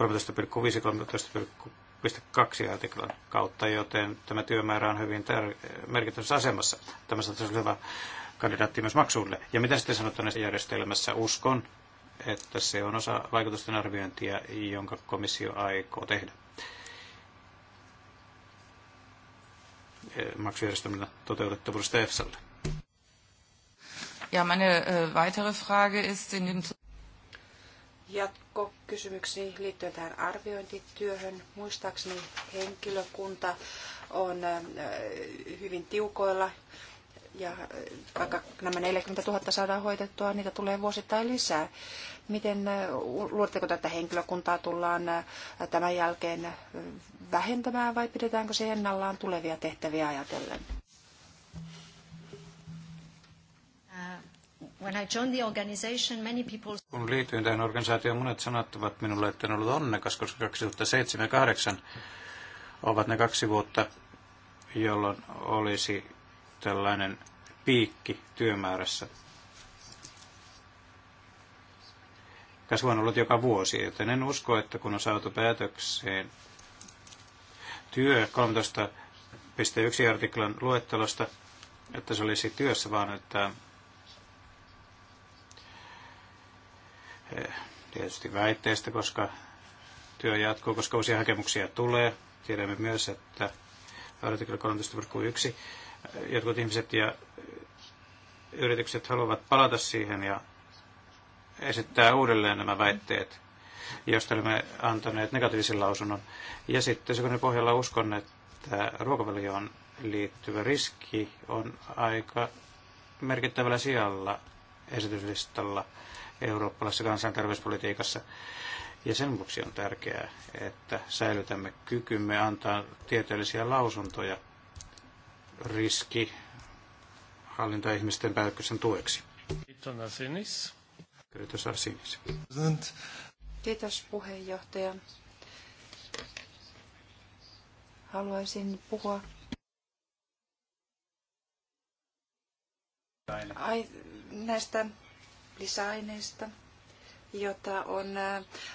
[SPEAKER 1] 13.5-13.2 artiklan kautta, joten tämä työmäärä on hyvin tär- merkittävässä asemassa. Tämä saattaisi olla kandidaatti myös maksuille. Ja mitä sitten sanotaan näissä järjestelmässä? Uskon, että se on osa vaikutusten arviointia, jonka komissio aikoo tehdä. E, maksujärjestelmän toteutettavuudesta EFSAlle.
[SPEAKER 2] Ja, meine äh, weitere Frage ist in dem
[SPEAKER 3] kysymyksiin liittyen tähän arviointityöhön. Muistaakseni henkilökunta on äh, hyvin tiukoilla ja äh, vaikka nämä 40 000 saadaan hoitettua, niitä tulee vuosittain lisää. Miten, äh, luuletteko tätä henkilökuntaa tullaan tämän jälkeen vähentämään vai pidetäänkö se ennallaan tulevia tehtäviä ajatellen? When I
[SPEAKER 4] joined the organization, many people...
[SPEAKER 1] Kun liityin tähän organisaatioon, monet sanottivat minulle, että en ollut onnekas, koska 2007 ja 2008 ovat ne kaksi vuotta, jolloin olisi tällainen piikki työmäärässä. Kasvu on ollut joka vuosi, joten en usko, että kun on saatu päätökseen työ 13.1 artiklan luettelosta, että se olisi työssä, vaan että tietysti väitteestä, koska työ jatkuu, koska uusia hakemuksia tulee. Tiedämme myös, että artikla 13.1 äh, jotkut ihmiset ja yritykset haluavat palata siihen ja esittää uudelleen nämä väitteet, joista olemme antaneet negatiivisen lausunnon. Ja sitten sekunnin pohjalla uskon, että ruokavalioon liittyvä riski on aika merkittävällä sijalla esityslistalla eurooppalaisessa kansanterveyspolitiikassa. Ja sen vuoksi on tärkeää, että säilytämme kykymme antaa tieteellisiä lausuntoja riski hallintaihmisten päätöksen tueksi. Kiitos Arsinis. Kiitos Arsinis.
[SPEAKER 3] Kiitos puheenjohtaja. Haluaisin puhua Ai, näistä lisäaineista, jota on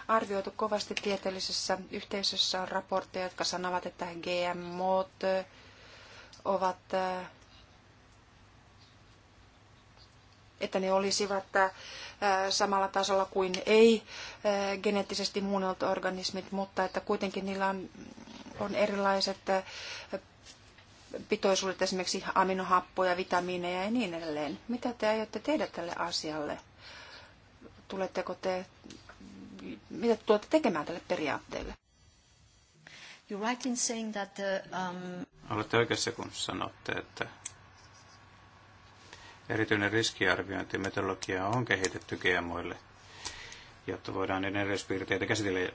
[SPEAKER 3] arvioitu kovasti tieteellisessä yhteisössä. On raportteja, jotka sanovat, että GMO ovat että ne olisivat samalla tasolla kuin ei geneettisesti muunnellut organismit, mutta että kuitenkin niillä on, on erilaiset pitoisuudet, esimerkiksi aminohappoja, vitamiineja ja niin edelleen. Mitä te aiotte tehdä tälle asialle? tuletteko te, mitä te tulette tekemään tälle periaatteelle? You're right in saying that the, uh, um...
[SPEAKER 1] Olette oikeassa, kun sanotte, että erityinen riskiarviointimetodologia on kehitetty GMOille, jotta voidaan niiden erityispiirteitä käsitellä.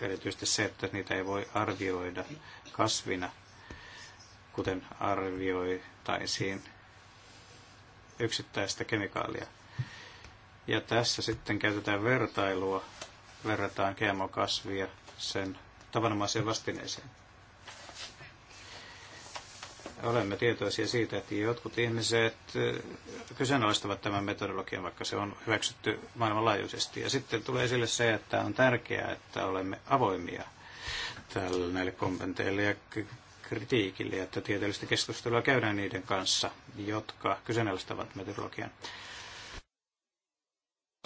[SPEAKER 1] Erityisesti se, että niitä ei voi arvioida kasvina, kuten arvioitaisiin yksittäistä kemikaalia. Ja tässä sitten käytetään vertailua, verrataan GMO-kasvia sen tavanomaiseen vastineeseen. Olemme tietoisia siitä, että jotkut ihmiset äh, kyseenalaistavat tämän metodologian, vaikka se on hyväksytty maailmanlaajuisesti. Ja sitten tulee esille se, että on tärkeää, että olemme avoimia tällä näille kommenteille ja kritiikille, että tieteellistä keskustelua käydään niiden kanssa, jotka kyseenalaistavat metodologian.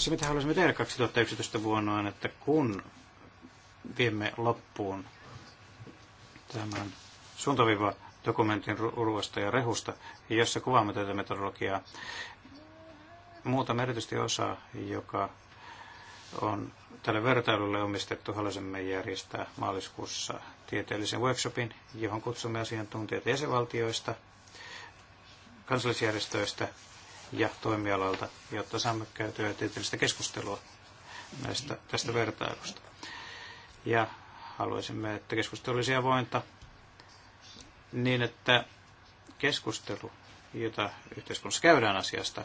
[SPEAKER 1] Se, mitä haluaisimme tehdä 2011 vuonna, on, että kun viemme loppuun tämän suuntaviva dokumentin ruoasta ja rehusta, jossa kuvaamme tätä metodologiaa, muuta erityisesti osa, joka on tälle vertailulle omistettu. Haluaisimme järjestää maaliskuussa tieteellisen workshopin, johon kutsumme asiantuntijoita jäsenvaltioista, kansallisjärjestöistä ja toimialalta, jotta saamme käytyä tieteellistä keskustelua näistä, tästä vertailusta. Ja haluaisimme, että keskustelu olisi avointa niin, että keskustelu, jota yhteiskunnassa käydään asiasta,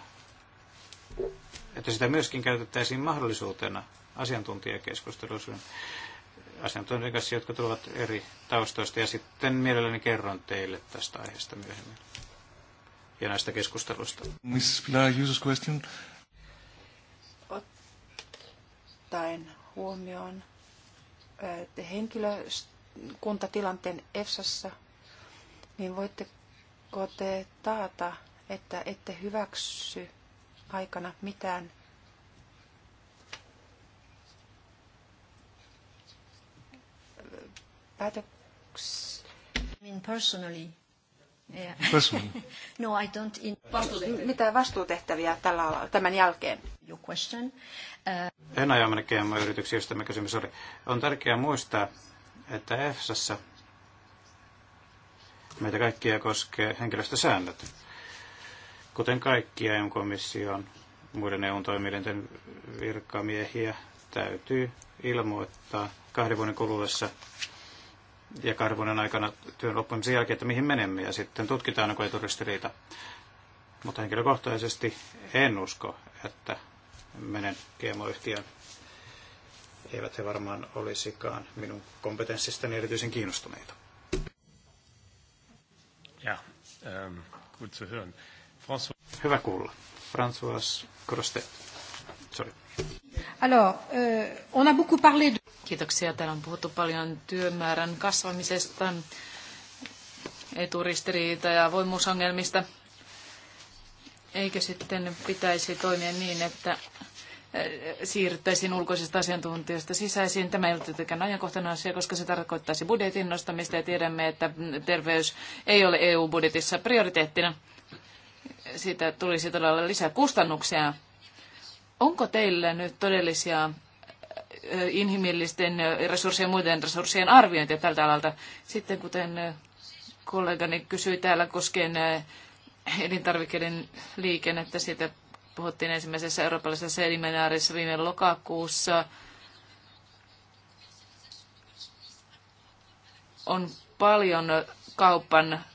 [SPEAKER 1] että sitä myöskin käytettäisiin mahdollisuutena asiantuntijakeskustelussa asiantuntijoiden kanssa, jotka tulevat eri taustoista, ja sitten mielelläni kerron teille tästä aiheesta myöhemmin ja näistä keskusteluista.
[SPEAKER 4] Mrs. Pilar, users question.
[SPEAKER 3] Ottaen huomioon eh, henkilökuntatilanteen EFSassa, niin voitteko te taata, että ette hyväksy aikana mitään päätöksiä?
[SPEAKER 4] I mean personally,
[SPEAKER 3] no, I don't in... Mitä vastuutehtäviä tällä alalla, tämän jälkeen? Your question. Uh...
[SPEAKER 1] En aja mennä GMO-yrityksiä, josta tämä kysymys oli. On tärkeää muistaa, että EFSassa meitä kaikkia koskee henkilöstösäännöt, kuten kaikkia EU-komission muiden eu toimijoiden virkamiehiä täytyy ilmoittaa kahden vuoden kuluessa ja kahden vuoden aikana työn loppumisen jälkeen, että mihin menemme ja sitten tutkitaan, onko eturistiriita. Mutta henkilökohtaisesti en usko, että menen gmo -yhtiön. Eivät he varmaan olisikaan minun kompetenssistani erityisen kiinnostuneita. Ja, ähm, François... Hyvä kuulla. François Crostet. Sorry.
[SPEAKER 2] Alors, euh, on a beaucoup parlé de... Kiitoksia. Täällä on puhuttu paljon työmäärän kasvamisesta, eturistiriita ja voimusongelmista. Eikö sitten pitäisi toimia niin, että eh, siirryttäisiin ulkoisesta asiantuntijasta sisäisiin. Tämä ei ole tietenkään ajankohtainen asia, koska se tarkoittaisi budjetin nostamista ja tiedämme, että terveys ei ole EU-budjetissa prioriteettina. Siitä tulisi todella lisää kustannuksia. Onko teillä nyt todellisia inhimillisten resurssien ja muiden resurssien arviointia tältä alalta. Sitten kuten kollegani kysyi täällä koskien elintarvikkeiden liikennettä, siitä puhuttiin ensimmäisessä eurooppalaisessa seminaarissa viime lokakuussa. On paljon kaupan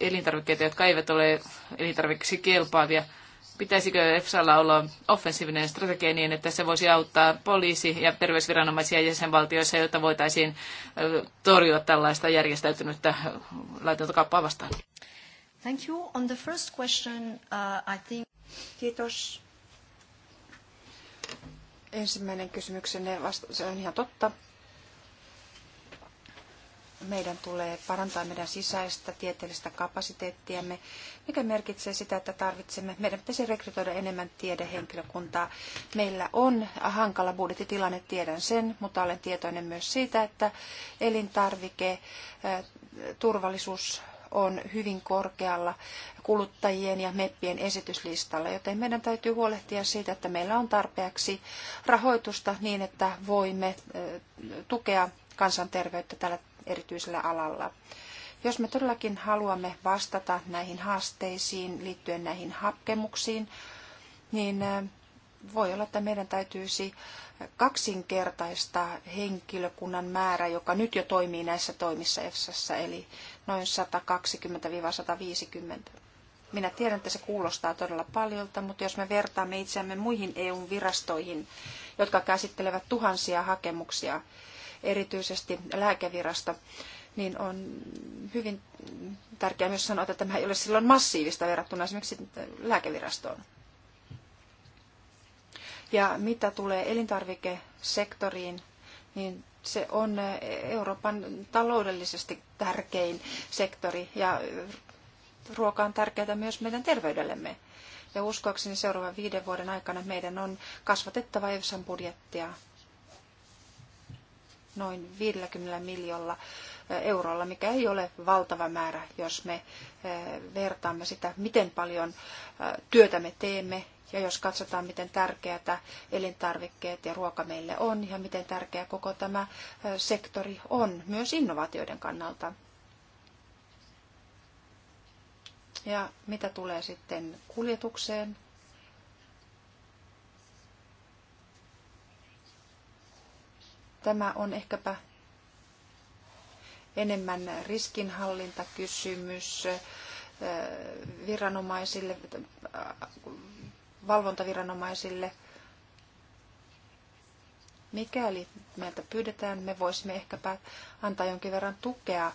[SPEAKER 2] elintarvikkeita, jotka eivät ole elintarvikkeiksi kelpaavia pitäisikö EFSAlla olla offensiivinen strategia niin, että se voisi auttaa poliisi- ja terveysviranomaisia jäsenvaltioissa, jotta voitaisiin torjua tällaista järjestäytynyttä laitonta kauppaa vastaan?
[SPEAKER 4] Thank you. On the first question, uh, I think... Kiitos.
[SPEAKER 3] Ensimmäinen kysymyksenne vastaus on ihan totta meidän tulee parantaa meidän sisäistä tieteellistä kapasiteettiamme, mikä merkitsee sitä, että tarvitsemme, meidän pitäisi rekrytoida enemmän tiedehenkilökuntaa. Meillä on hankala budjettitilanne, tiedän sen, mutta olen tietoinen myös siitä, että elintarvike, turvallisuus on hyvin korkealla kuluttajien ja meppien esityslistalla, joten meidän täytyy huolehtia siitä, että meillä on tarpeeksi rahoitusta niin, että voimme tukea kansanterveyttä tällä erityisellä alalla. Jos me todellakin haluamme vastata näihin haasteisiin liittyen näihin hakemuksiin, niin voi olla, että meidän täytyisi kaksinkertaista henkilökunnan määrä, joka nyt jo toimii näissä toimissa EFSassa, eli noin 120-150. Minä tiedän, että se kuulostaa todella paljolta, mutta jos me vertaamme itseämme muihin EUn virastoihin, jotka käsittelevät tuhansia hakemuksia, erityisesti lääkevirasto, niin on hyvin tärkeää myös sanoa, että tämä ei ole silloin massiivista verrattuna esimerkiksi lääkevirastoon. Ja mitä tulee elintarvikesektoriin, niin se on Euroopan taloudellisesti tärkein sektori ja ruoka on tärkeää myös meidän terveydellemme. Ja uskoakseni seuraavan viiden vuoden aikana meidän on kasvatettava EFSAn budjettia noin 50 miljoonalla eh, eurolla, mikä ei ole valtava määrä, jos me eh, vertaamme sitä, miten paljon eh, työtä me teemme ja jos katsotaan, miten tärkeätä elintarvikkeet ja ruoka meille on ja miten tärkeä koko tämä sektori on myös innovaatioiden kannalta. Ja mitä tulee sitten kuljetukseen, Tämä on ehkäpä enemmän riskinhallintakysymys äh, viranomaisille, valvontaviranomaisille. Mikäli meiltä pyydetään, me voisimme ehkäpä antaa jonkin verran tukea äh,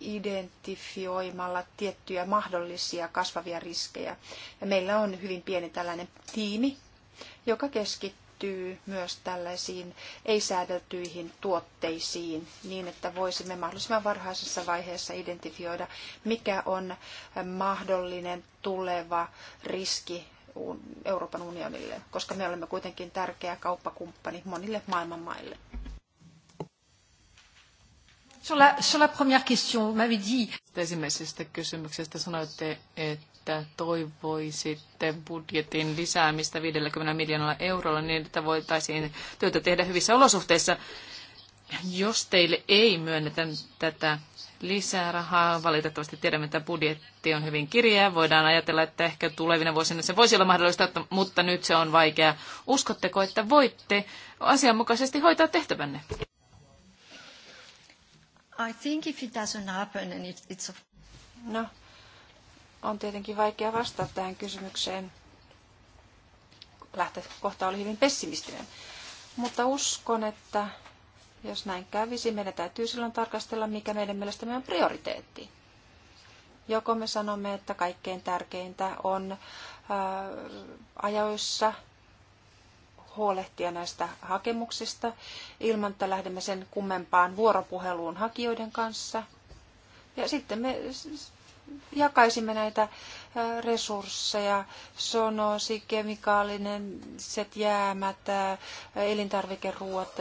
[SPEAKER 3] identifioimalla tiettyjä mahdollisia kasvavia riskejä. Ja meillä on hyvin pieni tällainen tiimi, joka keskittyy liittyy myös tällaisiin ei-säädeltyihin tuotteisiin niin, että voisimme mahdollisimman varhaisessa vaiheessa identifioida, mikä on mahdollinen tuleva riski Euroopan unionille, koska me olemme kuitenkin tärkeä kauppakumppani monille maailman maille.
[SPEAKER 2] Sur la, sur la première question, m'avez dit... Ensimmäisestä kysymyksestä sanoitte, että toivoisitte budjetin lisäämistä 50 miljoonalla eurolla niin, että voitaisiin työtä tehdä hyvissä olosuhteissa. Jos teille ei myönnetä tätä lisää rahaa, valitettavasti tiedämme, että budjetti on hyvin kirjaa. Voidaan ajatella, että ehkä tulevina vuosina se voisi olla mahdollista, mutta nyt se on vaikea. Uskotteko, että voitte asianmukaisesti hoitaa tehtävänne?
[SPEAKER 4] I think if it doesn't happen, and it, it's a...
[SPEAKER 3] No, on tietenkin vaikea vastata tähän kysymykseen. Lähtökohta oli hyvin pessimistinen. Mutta uskon, että jos näin kävisi, meidän täytyy silloin tarkastella, mikä meidän mielestämme on prioriteetti. Joko me sanomme, että kaikkein tärkeintä on ää, ajoissa huolehtia näistä hakemuksista ilman, että lähdemme sen kummempaan vuoropuheluun hakijoiden kanssa. Ja sitten me jakaisimme näitä resursseja, sonosi, set jäämät, elintarvikeruot,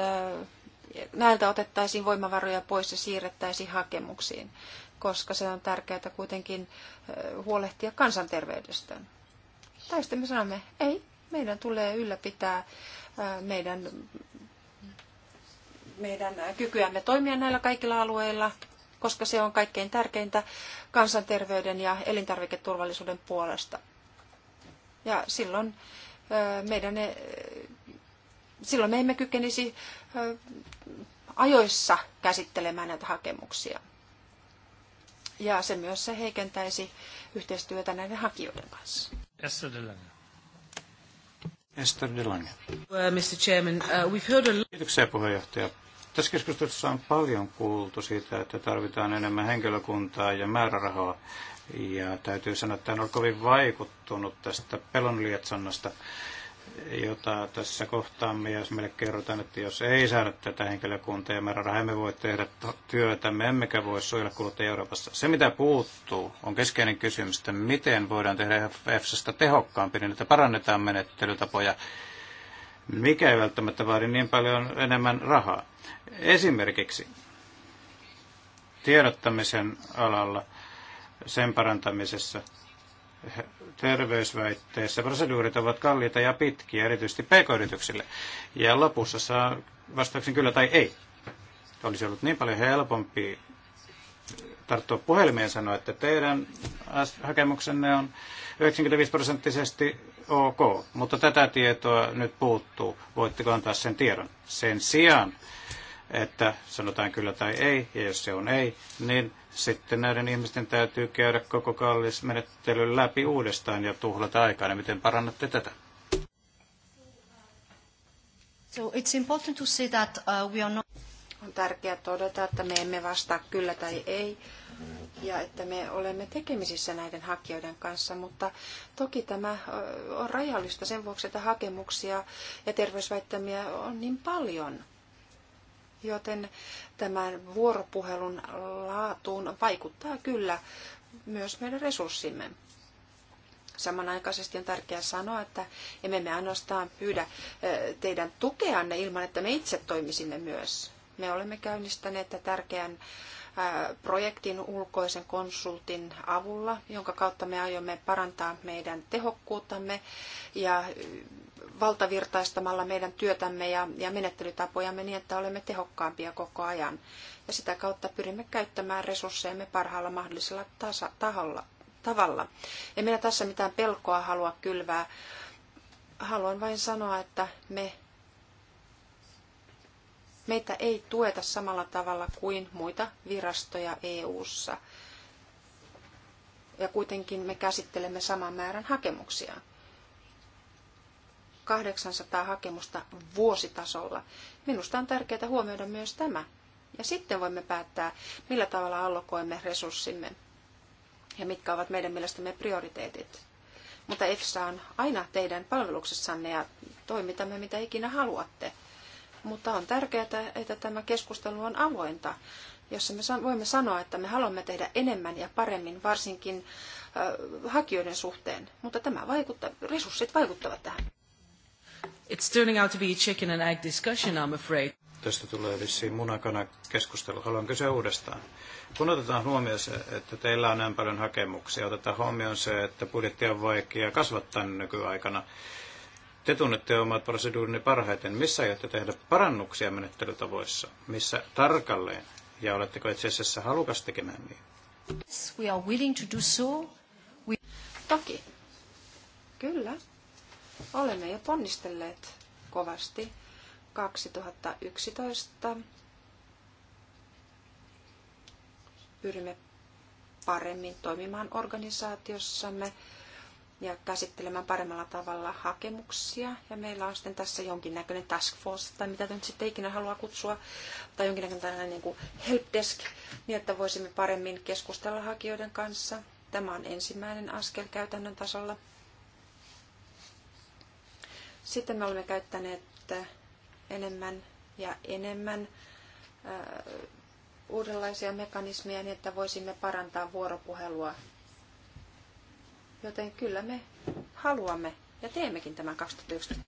[SPEAKER 3] näiltä otettaisiin voimavaroja pois ja siirrettäisiin hakemuksiin, koska se on tärkeää kuitenkin huolehtia kansanterveydestä. Tai sitten me sanomme, ei, meidän tulee ylläpitää meidän, meidän kykyämme toimia näillä kaikilla alueilla, koska se on kaikkein tärkeintä kansanterveyden ja elintarviketurvallisuuden puolesta. Ja silloin meidän silloin me emme kykenisi ajoissa käsittelemään näitä hakemuksia. Ja se myös se heikentäisi yhteistyötä näiden hakijoiden kanssa.
[SPEAKER 1] Esther Esther de Lange. Uh, Mr. Chairman, uh, we've heard a... Kiitoksia puheenjohtaja. Tässä keskustelussa on paljon kuultu siitä, että tarvitaan enemmän henkilökuntaa ja määrärahaa. Ja täytyy sanoa, että en ole kovin vaikuttunut tästä pelon lietsonnasta jota tässä kohtaamme, jos meille kerrotaan, että jos ei saada tätä henkilökuntaa ja määrärahaa, emme voi tehdä työtä, me emmekä voi suojella kuluttajia Euroopassa. Se, mitä puuttuu, on keskeinen kysymys, että miten voidaan tehdä EFSAsta tehokkaampi, niin että parannetaan menettelytapoja, mikä ei välttämättä vaadi niin paljon enemmän rahaa. Esimerkiksi tiedottamisen alalla, sen parantamisessa, terveysväitteessä proseduurit ovat kalliita ja pitkiä, erityisesti pk-yrityksille. Ja lopussa saa vastauksen kyllä tai ei. Olisi ollut niin paljon helpompi tarttua puhelimeen ja sanoa, että teidän hakemuksenne on 95 prosenttisesti ok, mutta tätä tietoa nyt puuttuu. Voitteko antaa sen tiedon? Sen sijaan, että sanotaan kyllä tai ei, ja jos se on ei, niin sitten näiden ihmisten täytyy käydä koko kallis menettely läpi uudestaan ja tuhlata aikaa. Ja niin miten parannatte tätä?
[SPEAKER 4] So it's important to say that uh, we
[SPEAKER 3] are not... On tärkeää todeta, että me emme vastaa kyllä tai ei, ja että me olemme tekemisissä näiden hakijoiden kanssa, mutta toki tämä uh, on rajallista sen vuoksi, että hakemuksia ja terveysväittämiä on niin paljon – joten tämän vuoropuhelun laatuun vaikuttaa kyllä myös meidän resurssimme. Samanaikaisesti on tärkeää sanoa, että emme me ainoastaan pyydä teidän tukeanne ilman, että me itse toimisimme myös. Me olemme käynnistäneet tärkeän projektin ulkoisen konsultin avulla, jonka kautta me aiomme parantaa meidän tehokkuutamme ja valtavirtaistamalla meidän työtämme ja, ja menettelytapojamme niin, että olemme tehokkaampia koko ajan. Ja sitä kautta pyrimme käyttämään resurssejamme parhaalla mahdollisella tasa, taholla, tavalla. En minä tässä mitään pelkoa halua kylvää. Haluan vain sanoa, että me, meitä ei tueta samalla tavalla kuin muita virastoja EU:ssa. Ja kuitenkin me käsittelemme saman määrän hakemuksia. 800 hakemusta vuositasolla. Minusta on tärkeää huomioida myös tämä. Ja sitten voimme päättää, millä tavalla allokoimme resurssimme ja mitkä ovat meidän mielestämme prioriteetit. Mutta EFSA on aina teidän palveluksessanne ja toimitamme mitä ikinä haluatte. Mutta on tärkeää, että tämä keskustelu on avointa, jossa me voimme sanoa, että me haluamme tehdä enemmän ja paremmin, varsinkin hakijoiden suhteen. Mutta tämä vaikuttaa, resurssit vaikuttavat tähän.
[SPEAKER 2] It's turning out to be a chicken and egg discussion, I'm afraid.
[SPEAKER 1] Tästä tulee vissiin munakana keskustelu. Haluan kysyä uudestaan. Kun otetaan huomioon se, että teillä on näin paljon hakemuksia, otetaan huomioon se, että budjetti on vaikea kasvattaa nykyaikana, te tunnette omat proseduurinne parhaiten. Missä aiotte tehdä parannuksia menettelytavoissa? Missä tarkalleen? Ja oletteko itse asiassa halukas tekemään niin? Yes,
[SPEAKER 4] we are willing to do so. We...
[SPEAKER 3] Toki. Kyllä. Olemme jo ponnistelleet kovasti 2011. Pyrimme paremmin toimimaan organisaatiossamme ja käsittelemään paremmalla tavalla hakemuksia. Ja meillä on sitten tässä jonkinnäköinen task force, tai mitä nyt sitten ikinä haluaa kutsua, tai jonkinnäköinen tällainen niin kuin helpdesk, niin että voisimme paremmin keskustella hakijoiden kanssa. Tämä on ensimmäinen askel käytännön tasolla. Sitten me olemme käyttäneet äh, enemmän ja enemmän äh, uudenlaisia mekanismeja niin, että voisimme parantaa vuoropuhelua. Joten kyllä me haluamme ja teemmekin tämän 2011.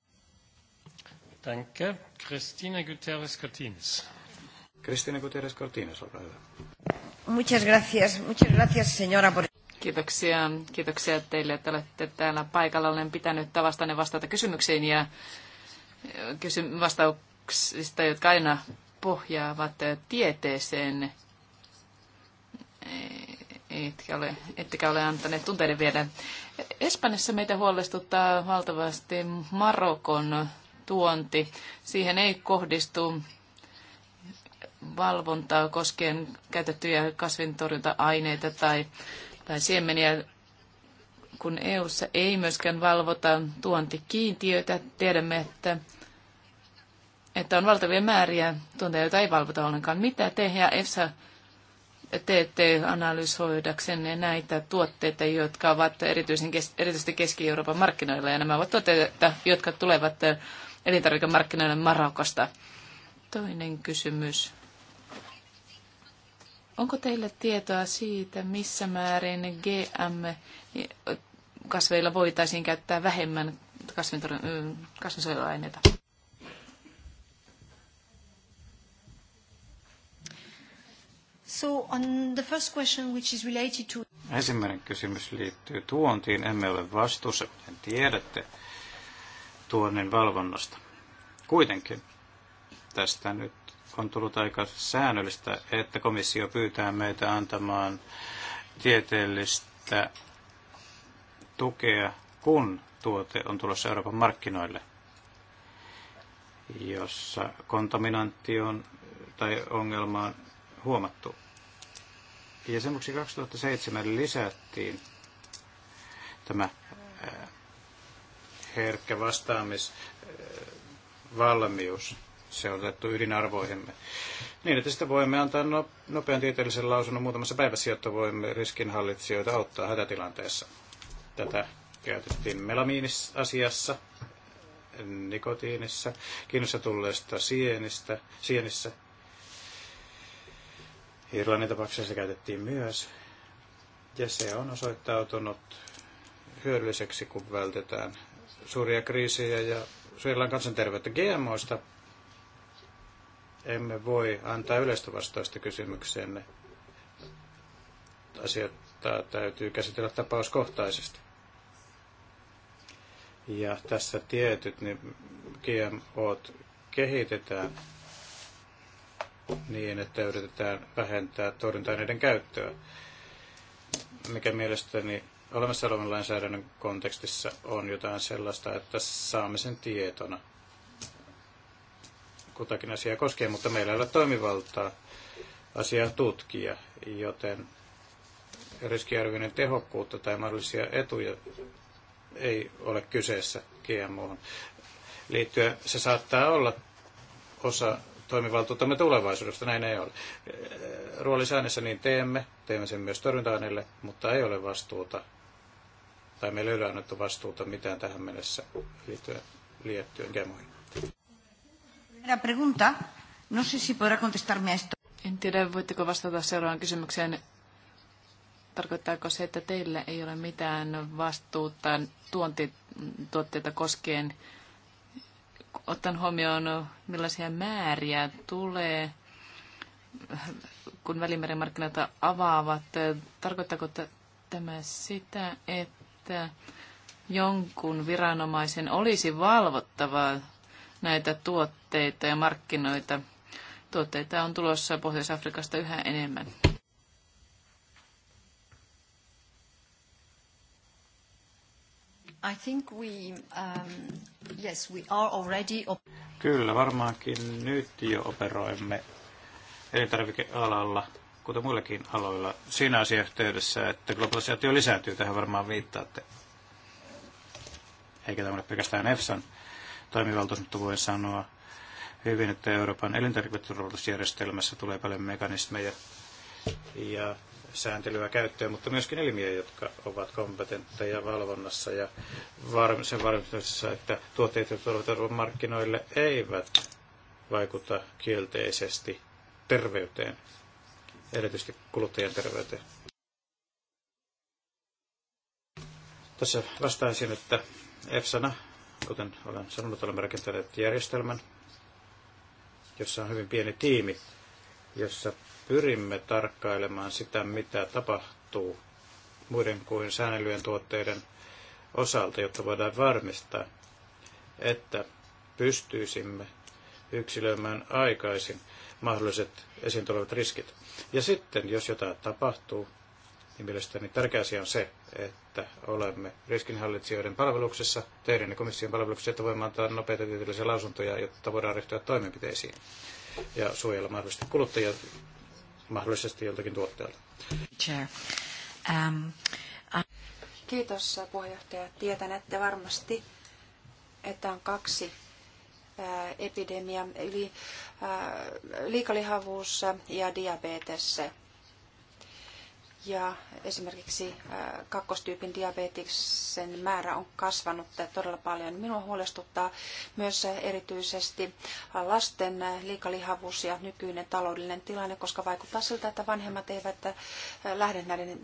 [SPEAKER 1] Danke. Cristina Guterres-Cortines. Cristina Guterres-Cortines, olkaa hyvä.
[SPEAKER 3] Muchas gracias, muchas gracias
[SPEAKER 2] señora por... Kiitoksia. Kiitoksia teille, että olette täällä paikalla. Olen pitänyt tavastanne vastata kysymyksiin ja kysy- vastauksista, jotka aina pohjaavat tieteeseen. E-, etkä ole, ettekä ole antaneet tunteiden viedä. Espanjassa meitä huolestuttaa valtavasti Marokon tuonti. Siihen ei kohdistu valvontaa koskien käytettyjä kasvintorjunta-aineita tai tai siemeniä, kun EU:ssa ei myöskään valvota tuontikiintiöitä. Tiedämme, että, että on valtavia määriä tuonteja, joita ei valvota ollenkaan. Mitä te ja EFSA teette analysoidaksenne näitä tuotteita, jotka ovat erityisen, erityisesti Keski-Euroopan markkinoilla, ja nämä ovat tuotteita, jotka tulevat elintarvikemarkkinoille Marokosta. Toinen kysymys Onko teillä tietoa siitä, missä määrin GM-kasveilla voitaisiin käyttää vähemmän kasvinsuojeluaineita?
[SPEAKER 4] So on the first question, which is related
[SPEAKER 1] to... Ensimmäinen kysymys liittyy tuontiin. Emme ole vastuussa, kuten tiedätte, tuonnin valvonnasta. Kuitenkin tästä nyt on tullut aika säännöllistä, että komissio pyytää meitä antamaan tieteellistä tukea, kun tuote on tulossa Euroopan markkinoille, jossa kontaminantti on tai ongelma on huomattu. Ja sen vuoksi 2007 lisättiin tämä herkkä vastaamisvalmius se on otettu ydinarvoihimme. Niin, että sitten voimme antaa no, nopean tieteellisen lausunnon muutamassa päivässä, jotta voimme riskinhallitsijoita auttaa hätätilanteessa. Tätä käytettiin melamiinisasiassa, nikotiinissa, kiinnossa tulleesta sienistä, sienissä. Irlannin tapauksessa se käytettiin myös. Ja se on osoittautunut hyödylliseksi, kun vältetään suuria kriisejä ja suojellaan kansanterveyttä GMOista emme voi antaa yleistä vastausta kysymykseenne. Asioita täytyy käsitellä tapauskohtaisesti. Ja tässä tietyt niin GMOt kehitetään niin, että yritetään vähentää torjunta-aineiden käyttöä, mikä mielestäni olemassa olevan lainsäädännön kontekstissa on jotain sellaista, että saamme sen tietona – kutakin asiaa koskee, mutta meillä ei ole toimivaltaa asiaa tutkia, joten riskiarvioinnin tehokkuutta tai mahdollisia etuja ei ole kyseessä GMOon liittyen. Se saattaa olla osa toimivaltuuttamme tulevaisuudesta, näin ei ole. Ruolisäännössä niin teemme, teemme sen myös torjunta mutta ei ole vastuuta, tai meillä ei ole annettu vastuuta mitään tähän mennessä liittyen, liittyen
[SPEAKER 2] pregunta. No sé si podrá contestarme a esto. En tiedä, voitteko vastata seuraavaan kysymykseen. Tarkoittaako se, että teillä ei ole mitään vastuutta tuontituotteita koskien, Otan huomioon millaisia määriä tulee, kun välimeren markkinoita avaavat? Tarkoittaako tämä sitä, että jonkun viranomaisen olisi valvottava näitä tuotteita ja markkinoita. Tuotteita on tulossa Pohjois-Afrikasta yhä enemmän.
[SPEAKER 4] I think we, um, yes, we are already...
[SPEAKER 1] Kyllä, varmaankin nyt jo operoimme elintarvikealalla, kuten muillakin aloilla, siinä asiayhteydessä, että globalisaatio lisääntyy, tähän varmaan viittaatte. Eikä tämä ole pelkästään EFSAn toimivaltuus, mutta voi sanoa hyvin, että Euroopan elintarviketurvallisuusjärjestelmässä tulee paljon mekanismeja ja sääntelyä käyttöön, mutta myöskin elimiä, jotka ovat kompetentteja valvonnassa ja sen varmistamisessa, että tuotteet, jotka tulevat Euroopan markkinoille, eivät vaikuta kielteisesti terveyteen, erityisesti kuluttajien terveyteen. Tässä vastaisin, että EFSAna Kuten olen sanonut, olemme rakentaneet järjestelmän, jossa on hyvin pieni tiimi, jossa pyrimme tarkkailemaan sitä, mitä tapahtuu muiden kuin säännellyjen tuotteiden osalta, jotta voidaan varmistaa, että pystyisimme yksilöimään aikaisin mahdolliset esiin tulevat riskit. Ja sitten, jos jotain tapahtuu, niin mielestäni tärkeä asia on se, että olemme riskinhallitsijoiden palveluksessa, teidän ja komission palveluksessa, että voimme antaa nopeita tieteellisiä lausuntoja, jotta voidaan ryhtyä toimenpiteisiin ja suojella mahdollisesti kuluttajia mahdollisesti joltakin tuotteelta.
[SPEAKER 2] Chair. Um, I...
[SPEAKER 3] Kiitos puheenjohtaja. Tietän, että varmasti, että on kaksi epidemiaa eli liikalihavuus ja diabetes ja esimerkiksi kakkostyypin diabetiksen määrä on kasvanut todella paljon. Minua huolestuttaa myös erityisesti lasten liikalihavuus ja nykyinen taloudellinen tilanne, koska vaikuttaa siltä, että vanhemmat eivät lähde näiden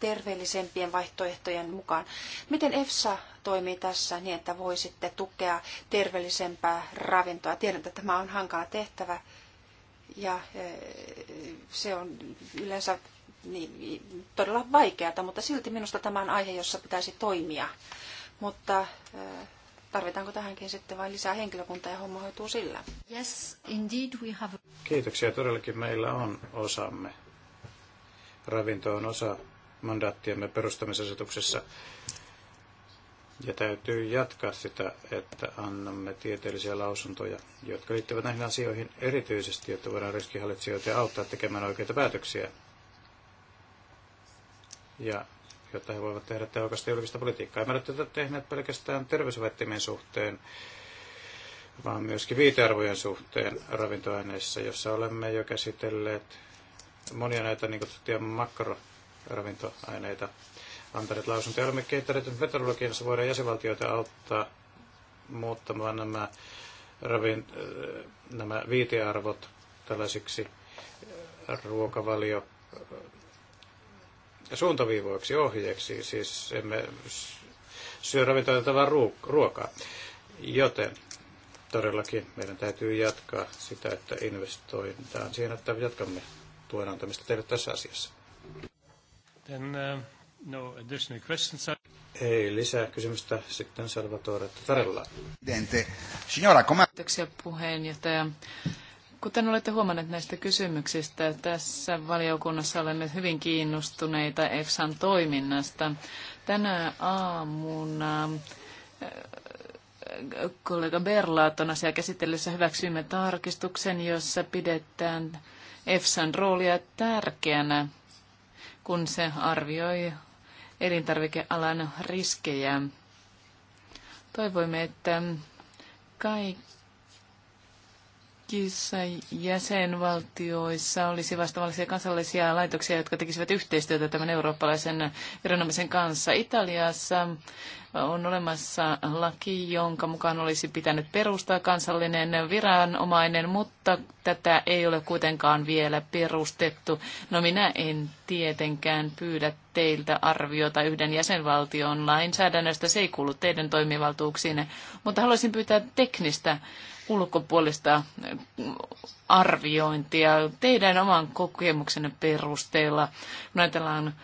[SPEAKER 3] terveellisempien vaihtoehtojen mukaan. Miten EFSA toimii tässä niin, että voisitte tukea terveellisempää ravintoa? Tiedän, että tämä on hankala tehtävä ja se on yleensä niin, todella vaikeata, mutta silti minusta tämä on aihe, jossa pitäisi toimia. Mutta tarvitaanko tähänkin sitten vain lisää henkilökuntaa ja homma hoituu sillä? Yes, indeed we have...
[SPEAKER 1] Kiitoksia. Todellakin meillä on osamme. Ravinto on osa mandaattiemme perustamisasetuksessa. Ja täytyy jatkaa sitä, että annamme tieteellisiä lausuntoja, jotka liittyvät näihin asioihin erityisesti, jotta voidaan riskihallitsijoita auttaa tekemään oikeita päätöksiä ja jotta he voivat tehdä tehokasta julkista politiikkaa. Emme ole tätä tehneet pelkästään terveysvättimien suhteen, vaan myöskin viitearvojen suhteen ravintoaineissa, jossa olemme jo käsitelleet monia näitä niin kutsuttuja makroravintoaineita antaneet lausuntoja. Olemme kehittäneet, että metodologiassa voidaan jäsenvaltioita auttaa muuttamaan nämä, ravin, nämä viitearvot tällaisiksi ruokavalio suuntaviivoiksi, ohjeeksi, siis emme syö ravintoiltavaa ruokaa. Joten todellakin meidän täytyy jatkaa sitä, että investoidaan siihen, että jatkamme tuen antamista teille tässä asiassa. Then, uh, no additional questions. Ei lisää kysymystä sitten Salvatore Tarella.
[SPEAKER 2] Kiitoksia puheenjohtaja. Kuten olette huomanneet näistä kysymyksistä, tässä valiokunnassa olemme hyvin kiinnostuneita EFSAn toiminnasta. Tänä aamuna äh, kollega Berlaat on asia käsittelyssä hyväksymme tarkistuksen, jossa pidetään EFSAn roolia tärkeänä, kun se arvioi elintarvikealan riskejä. Toivoimme, että kaikki kaikissa jäsenvaltioissa olisi vastaavallisia kansallisia laitoksia, jotka tekisivät yhteistyötä tämän eurooppalaisen viranomaisen kanssa. Italiassa on olemassa laki, jonka mukaan olisi pitänyt perustaa kansallinen viranomainen, mutta tätä ei ole kuitenkaan vielä perustettu. No minä en tietenkään pyydä teiltä arviota yhden jäsenvaltion lainsäädännöstä. Se ei kuulu teidän toimivaltuuksiinne, mutta haluaisin pyytää teknistä ulkopuolista eh, arviointia teidän oman kokemuksenne perusteella. Kun ajatellaan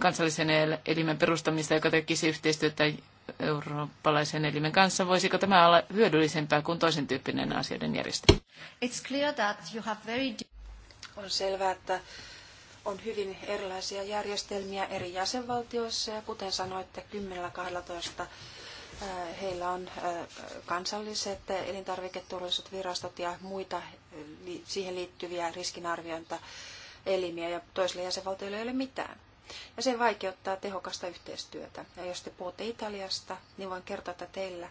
[SPEAKER 2] kansallisen elimen perustamista, joka tekisi yhteistyötä eurooppalaisen elimen kanssa, voisiko tämä olla hyödyllisempää kuin toisen tyyppinen asioiden järjestelmä?
[SPEAKER 3] It's clear that you have very... On selvää, että on hyvin erilaisia järjestelmiä eri jäsenvaltioissa ja kuten sanoitte, 10-12 Äh, heillä on äh, kansalliset äh, elintarviketurvallisuusvirastot ja muita siihen liittyviä riskinarviointaelimiä ja toisilla jäsenvaltioilla ei ole mitään. Ja se vaikeuttaa tehokasta yhteistyötä. Ja jos te puhutte Italiasta, niin voin kertoa, että teillä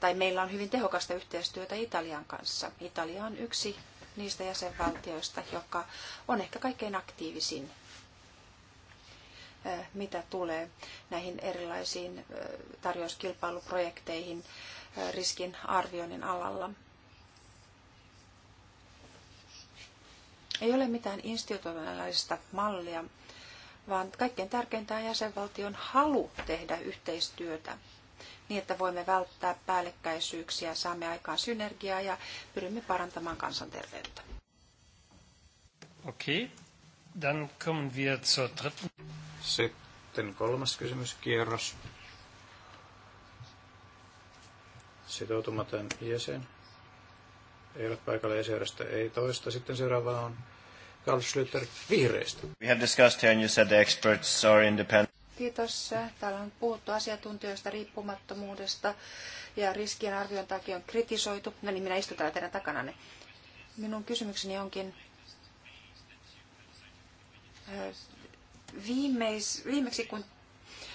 [SPEAKER 3] tai meillä on hyvin tehokasta yhteistyötä Italian kanssa. Italia on yksi niistä jäsenvaltioista, joka on ehkä kaikkein aktiivisin mitä tulee näihin erilaisiin tarjouskilpailuprojekteihin riskin arvioinnin alalla. Ei ole mitään institutionaalista mallia, vaan kaikkein tärkeintä on jäsenvaltion halu tehdä yhteistyötä niin, että voimme välttää päällekkäisyyksiä, saamme aikaan synergiaa ja pyrimme parantamaan kansanterveyttä.
[SPEAKER 1] Okei, okay. Dann kommen wir zur dritten. Sitten kolmas kysymyskierros. Sitoutumaton jäsen. Ei ole paikalla jäsenjärjestä, ei toista. Sitten seuraava on Karl Schlüter vihreistä. We have discussed here and you said the experts are independent.
[SPEAKER 3] Kiitos. Täällä on puhuttu asiantuntijoista, riippumattomuudesta ja riskien takia on kritisoitu. No niin, minä istun täällä teidän takananne. Minun kysymykseni onkin, viimeis, viimeksi, kun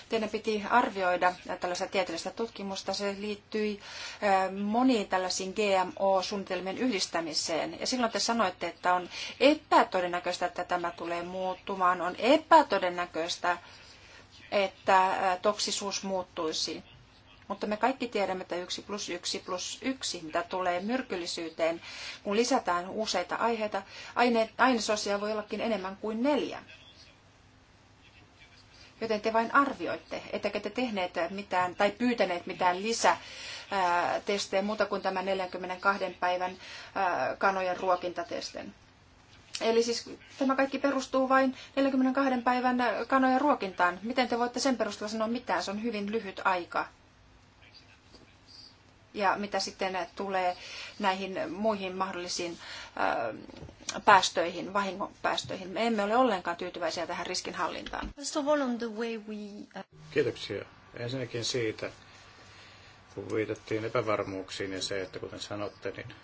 [SPEAKER 3] teidän piti arvioida tällaista tieteellistä tutkimusta. Se liittyi moniin tällaisiin GMO-suunnitelmien yhdistämiseen. Ja silloin te sanoitte, että on epätodennäköistä, että tämä tulee muuttumaan. On epätodennäköistä, että toksisuus muuttuisi. Mutta me kaikki tiedämme, että yksi plus yksi plus yksi, mitä tulee myrkyllisyyteen, kun lisätään useita aiheita, aine, ainesosia voi ollakin enemmän kuin neljä. Joten te vain arvioitte, ettekä te tehneet mitään tai pyytäneet mitään lisää muuta kuin tämän 42 päivän kanojen ruokintatesten. Eli siis tämä kaikki perustuu vain 42 päivän kanojen ruokintaan. Miten te voitte sen perusteella sanoa mitään? Se on hyvin lyhyt aika ja mitä sitten tulee näihin muihin mahdollisiin äh, päästöihin, vahingonpäästöihin. Me emme ole ollenkaan tyytyväisiä tähän riskinhallintaan.
[SPEAKER 4] Uh,
[SPEAKER 1] Kiitoksia. Ensinnäkin siitä, kun viitattiin epävarmuuksiin ja se, että kuten sanotte, niin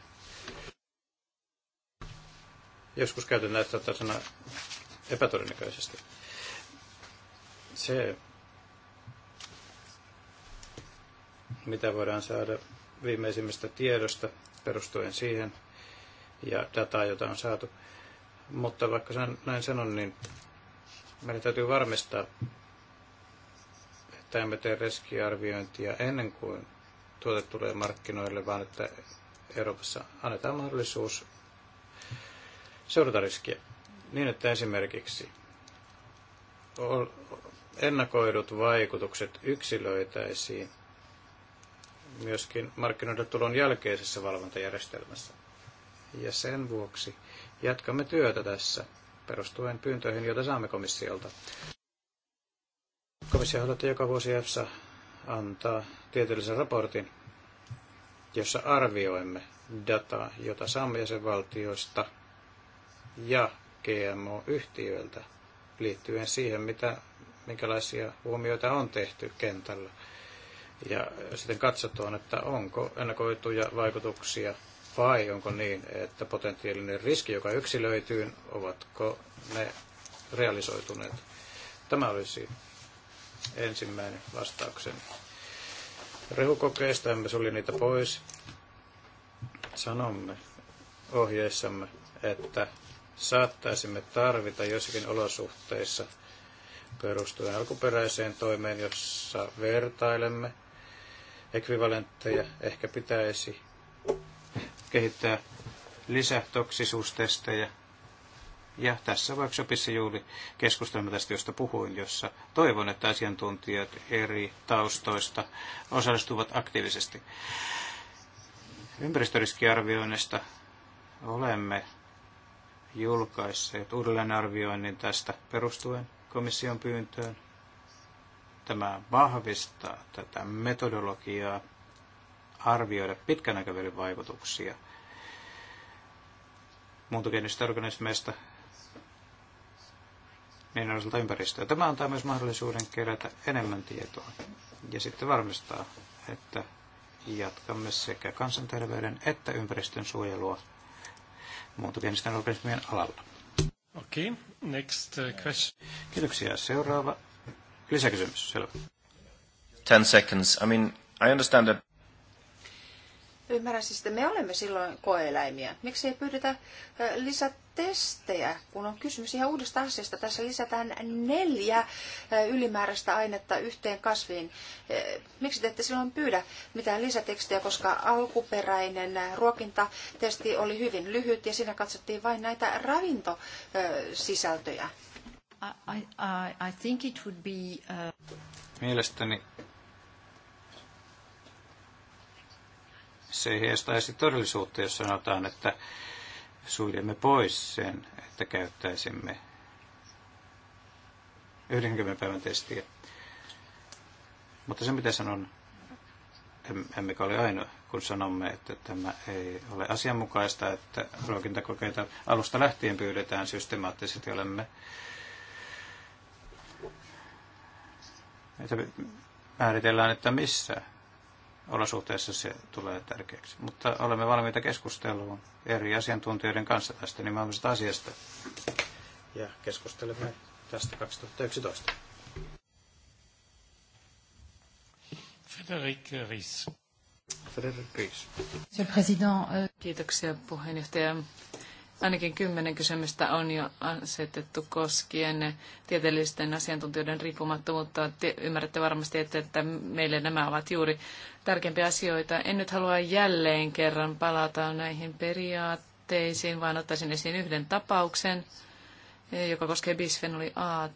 [SPEAKER 1] joskus käytän näitä tasana epätodennäköisesti. Se, mitä voidaan saada viimeisimmistä tiedosta perustuen siihen ja dataa, jota on saatu. Mutta vaikka sen näin sanon, niin meidän täytyy varmistaa, että emme tee riskiarviointia ennen kuin tuote tulee markkinoille, vaan että Euroopassa annetaan mahdollisuus seurata riskiä niin, että esimerkiksi ennakoidut vaikutukset yksilöitäisiin myöskin markkinoiden tulon jälkeisessä valvontajärjestelmässä. Ja sen vuoksi jatkamme työtä tässä perustuen pyyntöihin, joita saamme komissiolta. Komissio haluaa, joka vuosi EFSA antaa tieteellisen raportin, jossa arvioimme dataa, jota saamme jäsenvaltioista ja GMO-yhtiöiltä liittyen siihen, mitä, minkälaisia huomioita on tehty kentällä ja sitten katsotaan, että onko ennakoituja vaikutuksia vai onko niin, että potentiaalinen riski, joka yksilöityy, ovatko ne realisoituneet. Tämä olisi ensimmäinen vastauksen. Rehukokeista emme sulje niitä pois. Sanomme ohjeissamme, että saattaisimme tarvita jossakin olosuhteissa perustuen alkuperäiseen toimeen, jossa vertailemme ekvivalentteja ehkä pitäisi kehittää lisätoksisuustestejä. Ja tässä workshopissa juuri keskustelemme tästä, josta puhuin, jossa toivon, että asiantuntijat eri taustoista osallistuvat aktiivisesti. Ympäristöriskiarvioinnista olemme julkaisseet uudelleenarvioinnin tästä perustuen komission pyyntöön Tämä vahvistaa tätä metodologiaa arvioida pitkän aikavälin vaikutuksia muuntogeenisistä organismeista niiden osalta ympäristöä. Tämä antaa myös mahdollisuuden kerätä enemmän tietoa ja sitten varmistaa, että jatkamme sekä kansanterveyden että ympäristön suojelua muuntogeenisten organismien alalla. Okei, okay, next uh, question. Kiitoksia. Seuraava Lisäkysymys, selvä. 10 seconds. I mean, I understand that...
[SPEAKER 3] Ymmärrän siis, että me olemme silloin koeeläimiä. Miksi ei pyydetä lisätestejä, kun on kysymys ihan uudesta asiasta? Tässä lisätään neljä ylimääräistä ainetta yhteen kasviin. Miksi te ette silloin pyydä mitään lisätekstiä, koska alkuperäinen ruokintatesti oli hyvin lyhyt ja siinä katsottiin vain näitä ravintosisältöjä?
[SPEAKER 4] I, I, I think it would be, uh...
[SPEAKER 1] Mielestäni se heijastaisi todellisuutta, jos sanotaan, että suljemme pois sen, että käyttäisimme 90 päivän testiä. Mutta se mitä sanon, emmekä ole ainoa, kun sanomme, että tämä ei ole asianmukaista, että ruokintakokeita alusta lähtien pyydetään systemaattisesti. Olemme että määritellään, että missä olosuhteessa se tulee tärkeäksi. Mutta olemme valmiita keskusteluun eri asiantuntijoiden kanssa tästä nimenomaisesta asiasta. Ja keskustelemme tästä 2011. Ries. Frederik Ries.
[SPEAKER 2] Euh, Kiitoksia puheenjohtaja. Ainakin kymmenen kysymystä on jo asetettu koskien tieteellisten asiantuntijoiden riippumattomuutta. Ymmärrätte varmasti, että, että meille nämä ovat juuri tärkeimpiä asioita. En nyt halua jälleen kerran palata näihin periaatteisiin, vaan ottaisin esiin yhden tapauksen joka koskee bisfenoli A.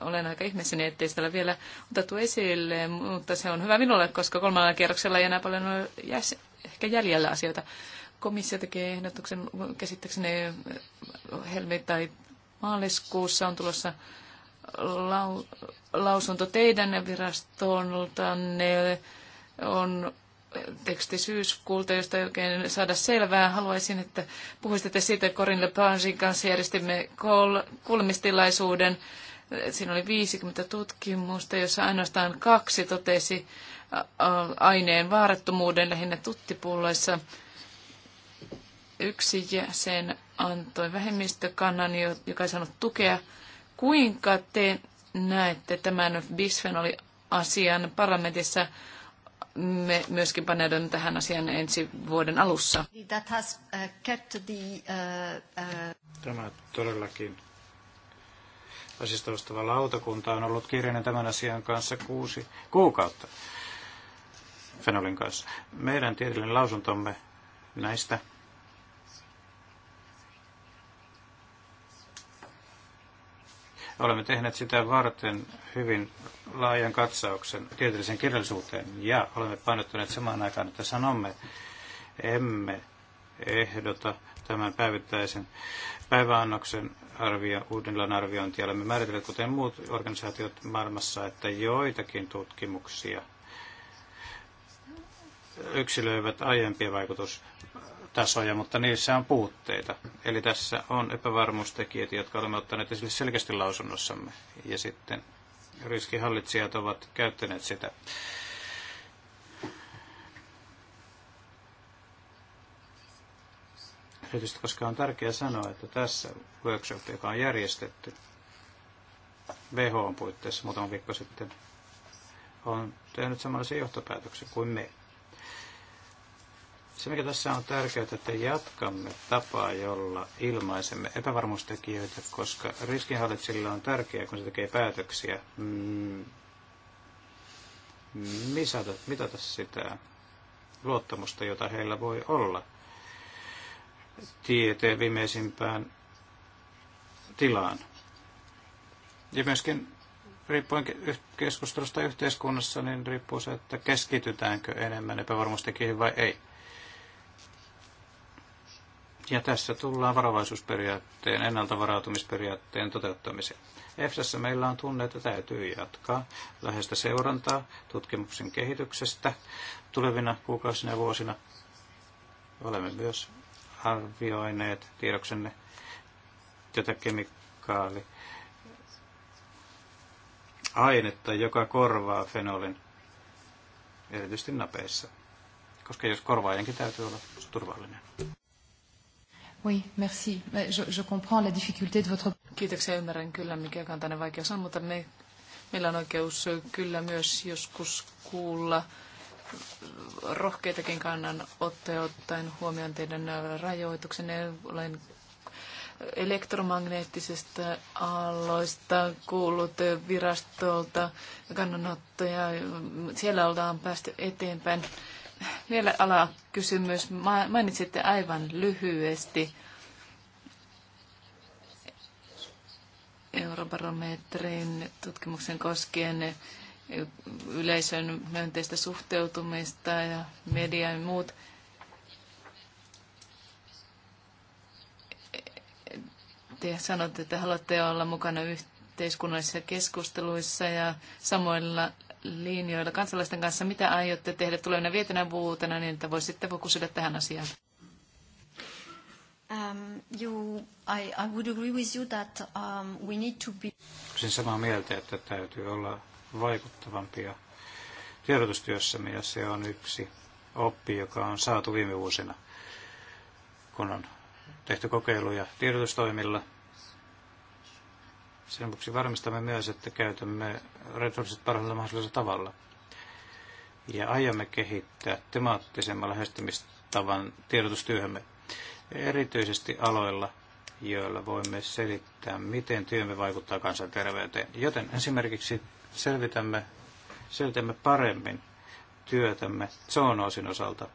[SPEAKER 2] Olen aika ihmeessäni, ettei sitä ole vielä otettu esille, mutta se on hyvä minulle, koska kolmannella kierroksella ei enää paljon ole jäs, ehkä jäljellä asioita. Komissio tekee ehdotuksen käsittääkseni helmi- tai maaliskuussa on tulossa lau, lausunto teidän virastoltanne on teksti syyskuulta, josta ei oikein saada selvää. Haluaisin, että puhuisitte siitä Corinne Lepangin kanssa järjestimme kuulemistilaisuuden. Siinä oli 50 tutkimusta, jossa ainoastaan kaksi totesi aineen vaarattomuuden lähinnä tuttipulloissa. Yksi jäsen antoi vähemmistökannan, joka ei saanut tukea. Kuinka te näette tämän bisfenoli asian parlamentissa? Me myöskin
[SPEAKER 1] paneudun tähän asiaan ensi vuoden alussa.
[SPEAKER 4] Uh, uh,
[SPEAKER 1] uh, Tämä todellakin asiasta lautakunta on ollut kirjainen tämän asian kanssa kuusi kuukautta fenolin kanssa. Meidän tieteellinen lausuntomme näistä Olemme tehneet sitä varten hyvin laajan katsauksen tieteelliseen kirjallisuuteen ja olemme painottuneet samaan aikaan, että sanomme, emme ehdota tämän päivittäisen päiväannoksen arvio, uudelleen arviointia. Olemme määritelleet, kuten muut organisaatiot maailmassa, että joitakin tutkimuksia yksilöivät aiempien vaikutus tasoja, mutta niissä on puutteita. Eli tässä on epävarmuustekijät, jotka olemme ottaneet esille selkeästi lausunnossamme. Ja sitten riskihallitsijat ovat käyttäneet sitä. Erityisesti koska on tärkeää sanoa, että tässä workshop, joka on järjestetty WHO puitteissa muutama viikko sitten, on tehnyt samanlaisia johtopäätöksiä kuin me. Se, mikä tässä on tärkeää, että jatkamme tapaa, jolla ilmaisemme epävarmuustekijöitä, koska riskinhallitsijalla on tärkeää, kun se tekee päätöksiä, mm, misata, mitata sitä luottamusta, jota heillä voi olla tieteen viimeisimpään tilaan. Ja myöskin riippuen keskustelusta yhteiskunnassa, niin riippuu se, että keskitytäänkö enemmän epävarmuustekijöihin vai ei. Ja tässä tullaan varovaisuusperiaatteen, ennaltavarautumisperiaatteen toteuttamiseen. EFSAssa meillä on tunne, että täytyy jatkaa läheistä seurantaa tutkimuksen kehityksestä tulevina kuukausina ja vuosina. Olemme myös arvioineet tiedoksenne tätä kemikaali ainetta, joka korvaa fenolin, erityisesti napeissa. Koska jos korvaajankin täytyy olla turvallinen.
[SPEAKER 3] Oui, merci.
[SPEAKER 2] Je, je comprends la difficulté de votre... Kiitoksia, ymmärrän kyllä, mikä kantainen vaikeus on, mutta me, meillä on oikeus kyllä myös joskus kuulla rohkeitakin kannanottoja ottaen huomioon teidän rajoituksenne. Olen elektromagneettisesta aalloista kuullut virastolta kannanottoja. Siellä ollaan päästy eteenpäin vielä ala kysymys. Mainitsitte aivan lyhyesti eurobarometrin tutkimuksen koskien yleisön myönteistä suhteutumista ja media ja muut. Te sanotte, että haluatte olla mukana yhteiskunnallisissa keskusteluissa ja samoilla linjoilla kansalaisten kanssa. Mitä aiotte tehdä tulevina vietänä vuotena, niin että voisitte fokusoida tähän asiaan?
[SPEAKER 4] Um, you, I, I would agree with you that um, we need to be...
[SPEAKER 1] samaa mieltä, että täytyy olla vaikuttavampia tiedotustyössämme ja se on yksi oppi, joka on saatu viime vuosina, kun on tehty kokeiluja tiedotustoimilla – sen vuoksi varmistamme myös, että käytämme resurssit parhaalla mahdollisella tavalla. Ja aiomme kehittää temaattisemman lähestymistavan tiedotustyöhömme erityisesti aloilla, joilla voimme selittää, miten työmme vaikuttaa kansanterveyteen. Joten esimerkiksi selvitämme, selitämme paremmin työtämme zoonoosin osalta,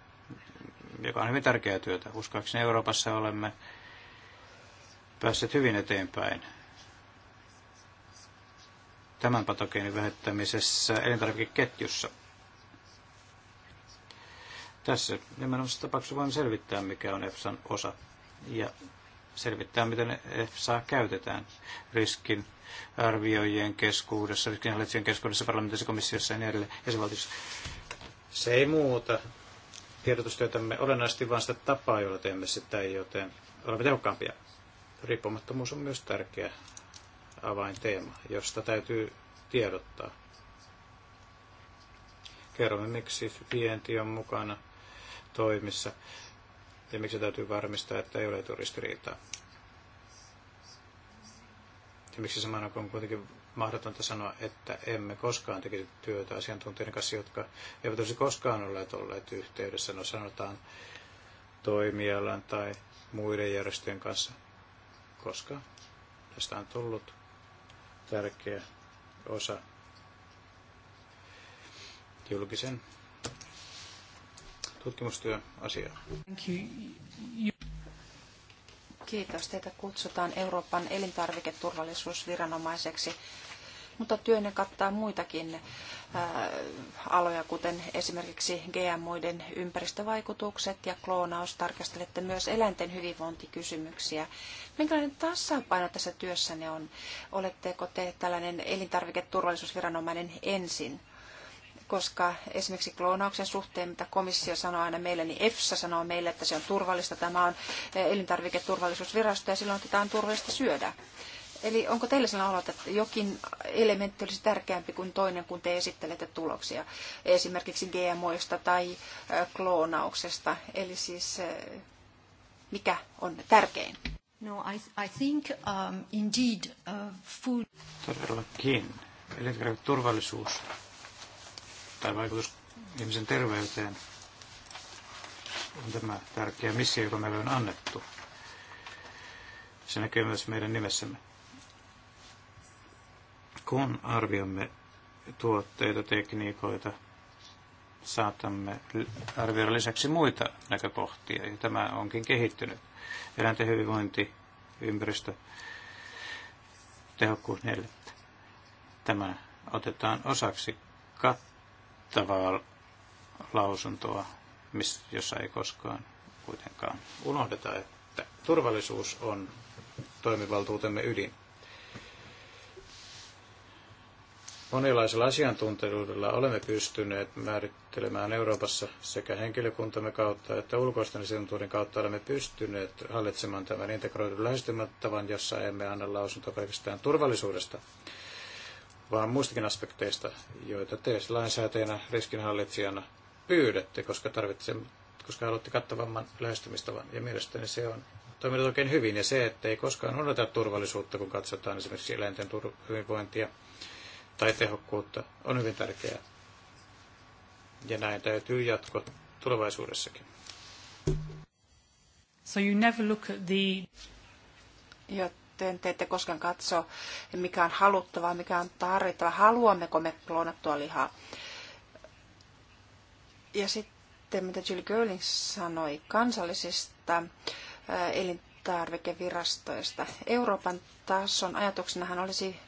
[SPEAKER 1] joka on hyvin tärkeää työtä. Uskoakseni Euroopassa olemme päässeet hyvin eteenpäin tämän patogeenin vähettämisessä elintarvikeketjussa. Tässä nimenomaisessa tapauksessa voimme selvittää, mikä on EFSAn osa ja selvittää, miten EFSAa käytetään riskin arvioijien keskuudessa, riskinhallitsijan keskuudessa, parlamentissa, komissiossa ja niin edelleen jäsenvaltiossa. Se ei muuta tiedotustyötämme olennaisesti, vaan sitä tapaa, jolla teemme sitä, joten olemme tehokkaampia. Riippumattomuus on myös tärkeä avainteema, josta täytyy tiedottaa. Kerromme, miksi vienti on mukana toimissa ja miksi täytyy varmistaa, että ei ole turistiriitaa. Ja miksi samana on kuitenkin mahdotonta sanoa, että emme koskaan tekisi työtä asiantuntijan kanssa, jotka eivät olisi koskaan olleet olleet yhteydessä, no sanotaan toimialan tai muiden järjestöjen kanssa, koska tästä on tullut tärkeä osa julkisen tutkimustyön asiaa. Kiitos.
[SPEAKER 3] Teitä kutsutaan Euroopan elintarviketurvallisuusviranomaiseksi mutta työnne kattaa muitakin äh, aloja, kuten esimerkiksi GMOiden ympäristövaikutukset ja kloonaus. Tarkastelette myös eläinten hyvinvointikysymyksiä. Minkälainen tasapaino tässä työssänne on? Oletteko te tällainen elintarviketurvallisuusviranomainen ensin? koska esimerkiksi kloonauksen suhteen, mitä komissio sanoo aina meille, niin EFSA sanoo meille, että se on turvallista. Tämä on äh, elintarviketurvallisuusvirasto ja silloin tätä on turvallista syödä. Eli onko teillä sellainen olo, että jokin elementti olisi tärkeämpi kuin toinen, kun te esittelette tuloksia, esimerkiksi GMOista tai kloonauksesta? Eli siis mikä on tärkein? No, I, I think um, indeed
[SPEAKER 4] uh, food...
[SPEAKER 1] Todellakin. turvallisuus tai vaikutus ihmisen terveyteen on tämä tärkeä missio, joka meille on annettu. Se näkyy myös meidän nimessämme. Kun arvioimme tuotteita, tekniikoita, saatamme arvioida lisäksi muita näkökohtia, ja tämä onkin kehittynyt. Eläinten hyvinvointi, ympäristö, tehokkuus neljättä. Niin tämä otetaan osaksi kattavaa lausuntoa, jossa ei koskaan kuitenkaan unohdeta, että turvallisuus on toimivaltuutemme ydin. Monilaisella asiantuntijuudella olemme pystyneet määrittelemään Euroopassa sekä henkilökuntamme kautta että ulkoisten asiantuntijoiden kautta olemme pystyneet hallitsemaan tämän integroidun lähestymättävän, jossa emme anna lausunto pelkästään turvallisuudesta, vaan muistakin aspekteista, joita te lainsäätäjänä, riskinhallitsijana pyydätte, koska tarvitsemme koska haluatte kattavamman lähestymistavan. Ja mielestäni se on toiminut oikein hyvin. Ja se, että ei koskaan unohdeta turvallisuutta, kun katsotaan esimerkiksi eläinten hyvinvointia, tai tehokkuutta on hyvin tärkeää. Ja näin täytyy jatkoa tulevaisuudessakin.
[SPEAKER 3] So
[SPEAKER 2] you never look at the...
[SPEAKER 3] Joten te ette koskaan katso, mikä on haluttavaa, mikä on tarvittava, haluammeko me kloonattua lihaa. Ja sitten, mitä Jill Girling sanoi kansallisista elintarvikevirastoista. Euroopan tason ajatuksenahan olisi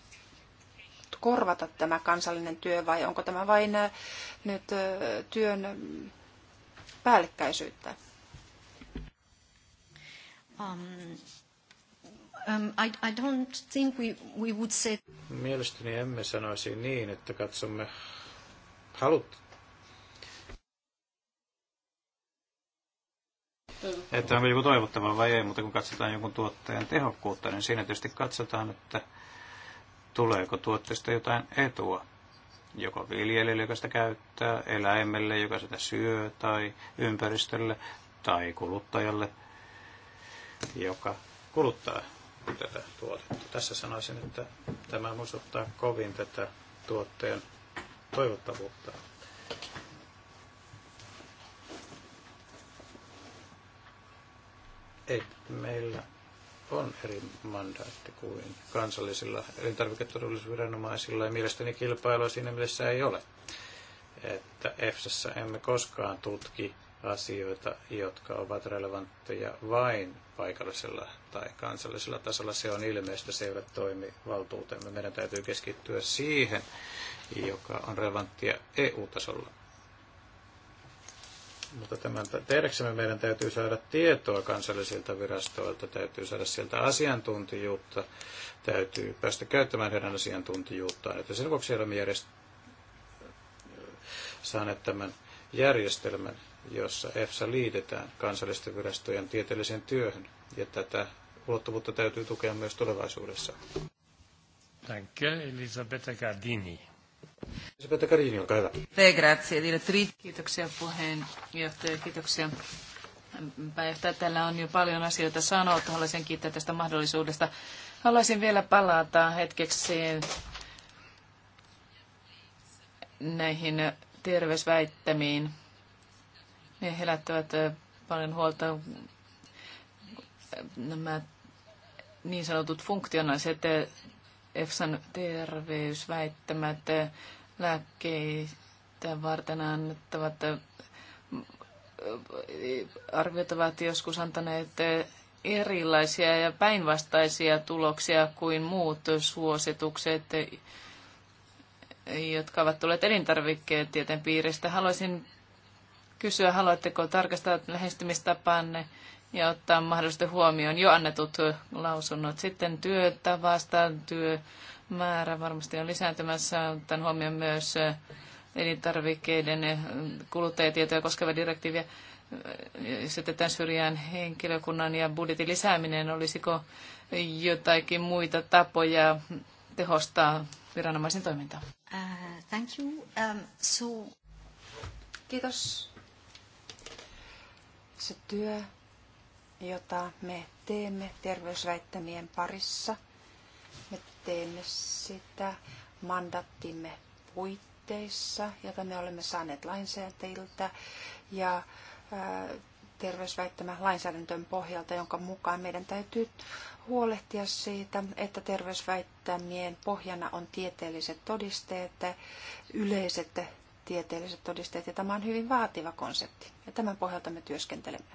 [SPEAKER 3] korvata tämä kansallinen työ vai onko tämä vain äh, nyt äh, työn päällekkäisyyttä? Um,
[SPEAKER 4] um, I, don't think we, we would say...
[SPEAKER 1] Mielestäni emme sanoisi niin, että katsomme halut, että on joku toivottava vai ei, mutta kun katsotaan jonkun tuotteen tehokkuutta, niin siinä tietysti katsotaan, että tuleeko tuotteesta jotain etua, joko viljelijälle, joka sitä käyttää, eläimelle, joka sitä syö, tai ympäristölle, tai kuluttajalle, joka kuluttaa tätä tuotetta. Tässä sanoisin, että tämä muistuttaa kovin tätä tuotteen toivottavuutta. Ei meillä on eri mandaatti kuin kansallisilla elintarviketurvallisuusviranomaisilla ja mielestäni kilpailua siinä mielessä ei ole. Että EFSassa emme koskaan tutki asioita, jotka ovat relevantteja vain paikallisella tai kansallisella tasolla. Se on ilmeistä, se ei ole toimivaltuutemme. Meidän täytyy keskittyä siihen, joka on relevanttia EU-tasolla. Mutta tämän tehdäksemme meidän täytyy saada tietoa kansallisilta virastoilta, täytyy saada sieltä asiantuntijuutta, täytyy päästä käyttämään heidän asiantuntijuuttaan. Että sen vuoksi olemme järjest... saaneet tämän järjestelmän, jossa EFSA liitetään kansallisten virastojen tieteelliseen työhön. Ja tätä ulottuvuutta täytyy tukea myös tulevaisuudessa. Danke, Elisabetta Gardini. Elisabetta Karini, olkaa hyvä.
[SPEAKER 2] Te grazie, direttori. Kiitoksia puheenjohtaja, kiitoksia pääjohtaja. Täällä on jo paljon asioita sanottu. Haluaisin kiittää tästä mahdollisuudesta. Haluaisin vielä palata hetkeksi näihin terveysväittämiin. Ne herättävät äh, paljon huolta nämä niin sanotut funktionaaliset äh, EFSAn terveysväittämät lääkkeitä varten annettavat äh, arviot ovat joskus antaneet erilaisia ja päinvastaisia tuloksia kuin muut suositukset, jotka ovat tulleet tieteen piiristä. Haluaisin kysyä, haluatteko tarkastaa lähestymistapanne? ja ottaa mahdollisesti huomioon jo annetut lausunnot. Sitten työtavasta, työmäärä varmasti on lisääntymässä, ottaen huomioon myös elintarvikkeiden kuluttajatietoja koskeva direktiiviä. Sitten tämän syrjään henkilökunnan ja budjetin lisääminen, olisiko jotakin muita tapoja tehostaa viranomaisen toimintaa?
[SPEAKER 3] Uh, thank you. Um, so... Kiitos. Se työ jota me teemme terveysväittämien parissa. Me teemme sitä mandattimme puitteissa, jota me olemme saaneet lainsäätäjiltä ja terveysväittämä lainsäädäntön pohjalta, jonka mukaan meidän täytyy huolehtia siitä, että terveysväittämien pohjana on tieteelliset todisteet, yleiset tieteelliset todisteet, ja tämä on hyvin vaativa konsepti, ja tämän pohjalta me työskentelemme.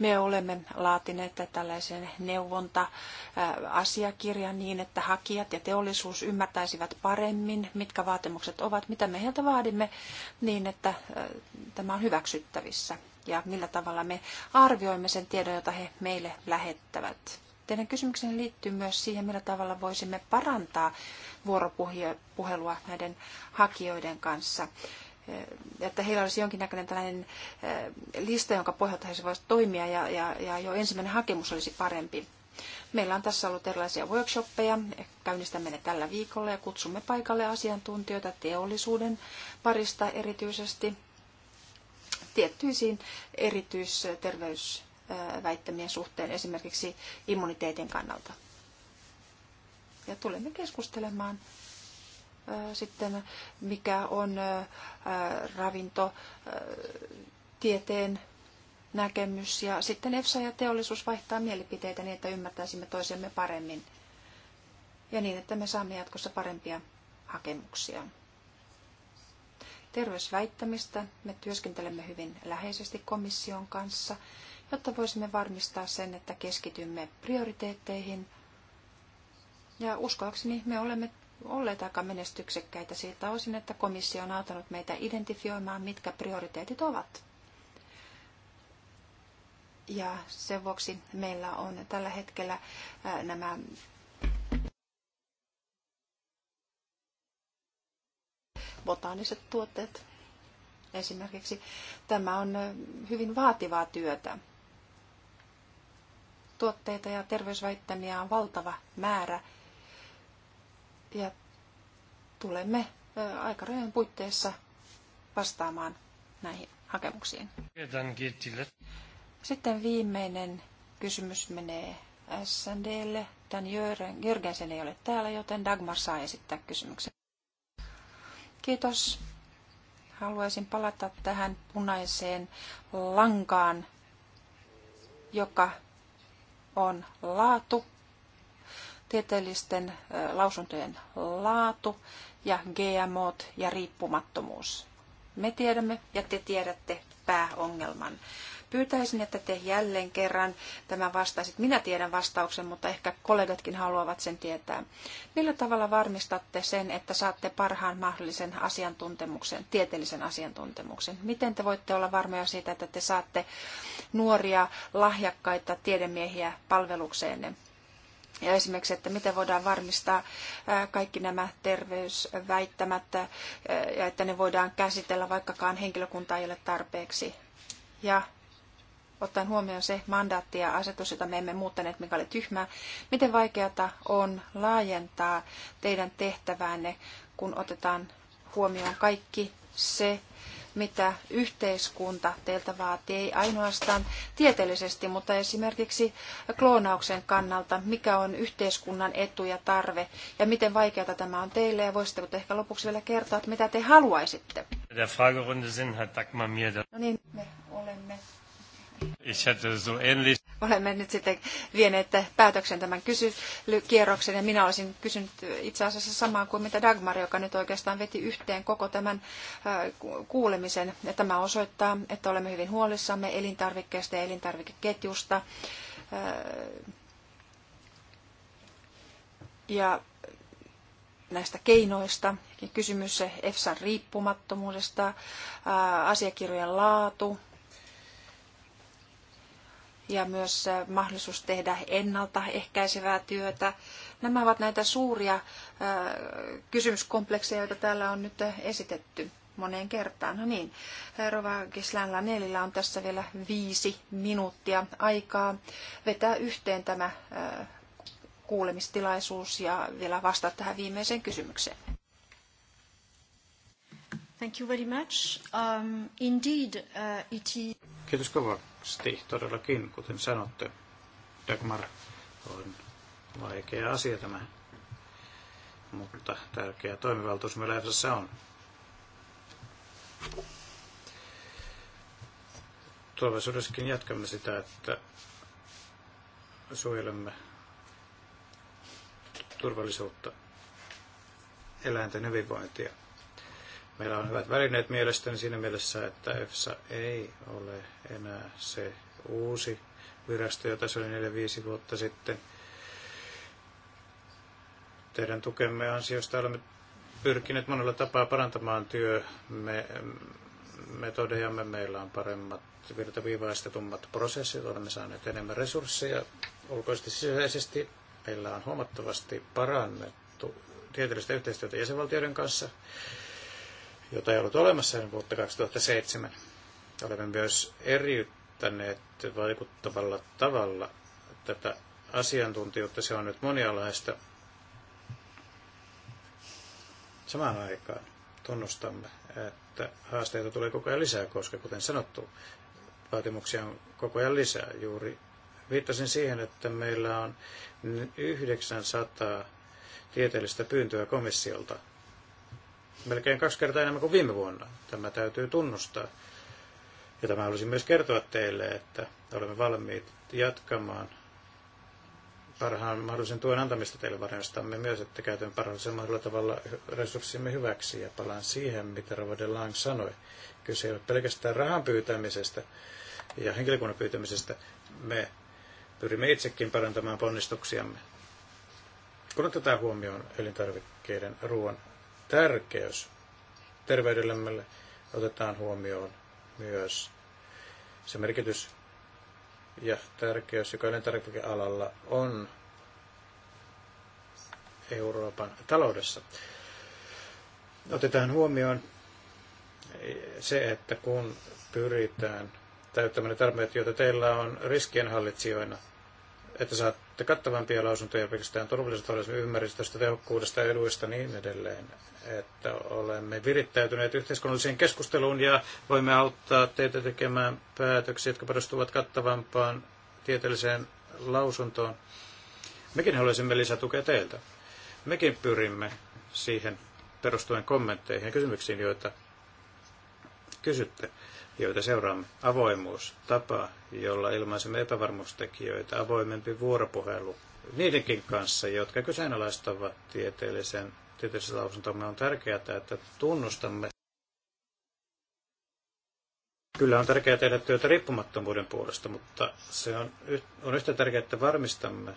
[SPEAKER 3] Me olemme laatineet tällaisen neuvonta-asiakirjan niin, että hakijat ja teollisuus ymmärtäisivät paremmin, mitkä vaatimukset ovat, mitä me heiltä vaadimme, niin että tämä on hyväksyttävissä ja millä tavalla me arvioimme sen tiedon, jota he meille lähettävät. Teidän kysymykseni liittyy myös siihen, millä tavalla voisimme parantaa vuoropuhelua näiden hakijoiden kanssa että heillä olisi jonkinnäköinen tällainen lista, jonka pohjalta he voisivat toimia ja, ja, ja jo ensimmäinen hakemus olisi parempi. Meillä on tässä ollut erilaisia workshoppeja. Käynnistämme ne tällä viikolla ja kutsumme paikalle asiantuntijoita teollisuuden parista erityisesti tiettyisiin erityisterveysväittämien suhteen esimerkiksi immuniteetin kannalta. Ja tulemme keskustelemaan sitten, mikä on ravintotieteen näkemys. Ja sitten EFSA ja teollisuus vaihtaa mielipiteitä niin, että ymmärtäisimme toisiamme paremmin ja niin, että me saamme jatkossa parempia hakemuksia. Terveysväittämistä me työskentelemme hyvin läheisesti komission kanssa, jotta voisimme varmistaa sen, että keskitymme prioriteetteihin. Ja uskoakseni me olemme olleet aika menestyksekkäitä siltä osin, että komissio on auttanut meitä identifioimaan, mitkä prioriteetit ovat. Ja sen vuoksi meillä on tällä hetkellä nämä botaaniset tuotteet esimerkiksi. Tämä on hyvin vaativaa työtä. Tuotteita ja terveysväittämiä on valtava määrä – ja tulemme aikarajojen puitteissa vastaamaan näihin hakemuksiin. Sitten viimeinen kysymys menee SNDlle. Dan Jörgensen ei ole täällä, joten Dagmar saa esittää kysymyksen. Kiitos. Haluaisin palata tähän punaiseen lankaan, joka on laatu tieteellisten lausuntojen laatu ja GMO ja riippumattomuus. Me tiedämme ja te tiedätte pääongelman. Pyytäisin, että te jälleen kerran tämän vastaisit. Minä tiedän vastauksen, mutta ehkä kollegatkin haluavat sen tietää. Millä tavalla varmistatte sen, että saatte parhaan mahdollisen asiantuntemuksen, tieteellisen asiantuntemuksen? Miten te voitte olla varmoja siitä, että te saatte nuoria, lahjakkaita tiedemiehiä palvelukseenne? Ja esimerkiksi, että miten voidaan varmistaa kaikki nämä terveysväittämät ja että ne voidaan käsitellä, vaikkakaan henkilökunta ei ole tarpeeksi. Ja ottaen huomioon se mandaatti ja asetus, jota me emme muuttaneet, mikä oli tyhmää, miten vaikeata on laajentaa teidän tehtäväänne, kun otetaan huomioon kaikki se, mitä yhteiskunta teiltä vaatii, ei ainoastaan tieteellisesti, mutta esimerkiksi kloonauksen kannalta, mikä on yhteiskunnan etu ja tarve ja miten vaikeata tämä on teille ja voisitteko te ehkä lopuksi vielä kertoa, että mitä te haluaisitte? No niin, me olemme Olemme nyt sitten vieneet päätöksen tämän kysykierroksen ja minä olisin kysynyt itse asiassa samaa kuin mitä Dagmar, joka nyt oikeastaan veti yhteen koko tämän kuulemisen. Ja tämä osoittaa, että olemme hyvin huolissamme elintarvikkeista ja elintarvikeketjusta. Ja näistä keinoista. Kysymys EFSAn riippumattomuudesta, asiakirjojen laatu, ja myös mahdollisuus tehdä ennaltaehkäisevää työtä. Nämä ovat näitä suuria kysymyskomplekseja, joita täällä on nyt esitetty moneen kertaan. No niin, Rova Gislän Lanelilla on tässä vielä viisi minuuttia aikaa vetää yhteen tämä kuulemistilaisuus ja vielä vastata tähän viimeiseen kysymykseen.
[SPEAKER 4] Thank you very much. Um, indeed, uh, it is...
[SPEAKER 1] Kiitos kovasti, todellakin, kuten sanotte. Dagmar on vaikea asia tämä, mutta tärkeä toimivaltuus meillä EFSassa on. Tulevaisuudessakin jatkamme sitä, että suojelemme turvallisuutta, eläinten hyvinvointia. Meillä on hyvät välineet mielestäni siinä mielessä, että EFSA ei ole enää se uusi virasto, jota se oli 4-5 vuotta sitten. Teidän tukemme ansiosta olemme pyrkineet monella tapaa parantamaan me metodejamme. Meillä on paremmat virtaviivaistetummat prosessit, olemme saaneet enemmän resursseja ulkoisesti sisäisesti. Meillä on huomattavasti parannettu tieteellistä yhteistyötä jäsenvaltioiden kanssa jota ei ollut olemassa ennen niin vuotta 2007. Olemme myös eriyttäneet vaikuttavalla tavalla tätä asiantuntijuutta. Se on nyt monialaista. Samaan aikaan tunnustamme, että haasteita tulee koko ajan lisää, koska kuten sanottu, vaatimuksia on koko ajan lisää. Juuri viittasin siihen, että meillä on 900 tieteellistä pyyntöä komissiolta melkein kaksi kertaa enemmän kuin viime vuonna. Tämä täytyy tunnustaa. Ja tämä haluaisin myös kertoa teille, että olemme valmiit jatkamaan parhaan mahdollisen tuen antamista teille varjostamme myös, että käytämme parhaalla mahdollisella tavalla resurssimme hyväksi. Ja palaan siihen, mitä Rovode Lang sanoi. Kyse ei ole pelkästään rahan pyytämisestä ja henkilökunnan pyytämisestä. Me pyrimme itsekin parantamaan ponnistuksiamme. Kun otetaan huomioon elintarvikkeiden ruoan tärkeys terveydellemme otetaan huomioon myös se merkitys ja tärkeys, joka elintarvikealalla on Euroopan taloudessa. Otetaan huomioon se, että kun pyritään täyttämään tarpeet, joita teillä on riskienhallitsijoina, että saat sitten kattavampia lausuntoja pelkästään turvallisuudesta, ymmärrystä, tehokkuudesta, eduista ja niin edelleen. Että olemme virittäytyneet yhteiskunnalliseen keskusteluun ja voimme auttaa teitä tekemään päätöksiä, jotka perustuvat kattavampaan tieteelliseen lausuntoon. Mekin haluaisimme lisätukea teiltä. Mekin pyrimme siihen perustuen kommentteihin ja kysymyksiin, joita kysytte joita seuraamme. Avoimuus, tapa, jolla ilmaisemme epävarmuustekijöitä, avoimempi vuoropuhelu niidenkin kanssa, jotka kyseenalaistavat tieteellisen, tieteellisen lausuntomme. On tärkeää, että tunnustamme. Kyllä on tärkeää tehdä työtä riippumattomuuden puolesta, mutta se on, on yhtä tärkeää, että varmistamme,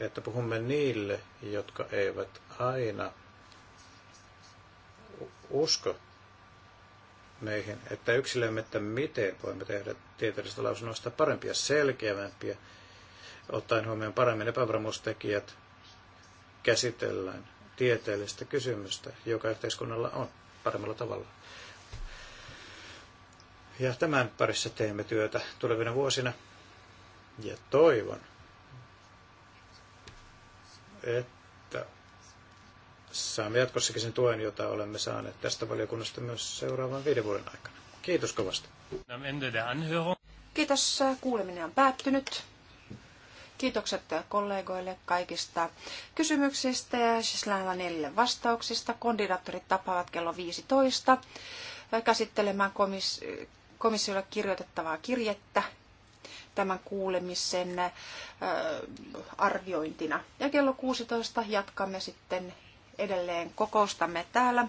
[SPEAKER 1] että puhumme niille, jotka eivät aina usko meihin, että yksilöimme, että miten voimme tehdä tieteellisistä lausunnoista parempia, selkeämpiä, ottaen huomioon paremmin epävarmuustekijät, käsitellään tieteellistä kysymystä, joka yhteiskunnalla on paremmalla tavalla. Ja tämän parissa teemme työtä tulevina vuosina. Ja toivon, että saamme jatkossakin sen tuen, jota olemme saaneet tästä valiokunnasta myös seuraavan viiden vuoden aikana. Kiitos kovasti.
[SPEAKER 3] Kiitos. Kuuleminen on päättynyt. Kiitokset kollegoille kaikista kysymyksistä ja Shislana neljälle vastauksista. Kandidaattorit tapaavat kello 15 käsittelemään komis- komissiolle kirjoitettavaa kirjettä tämän kuulemisen arviointina. Ja kello 16 jatkamme sitten edelleen kokoustamme täällä.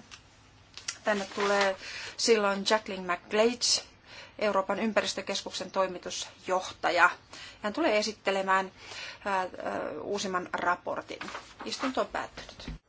[SPEAKER 3] Tänne tulee silloin Jacqueline McGlades, Euroopan ympäristökeskuksen toimitusjohtaja. Hän tulee esittelemään uusimman raportin. Istunto on päättynyt.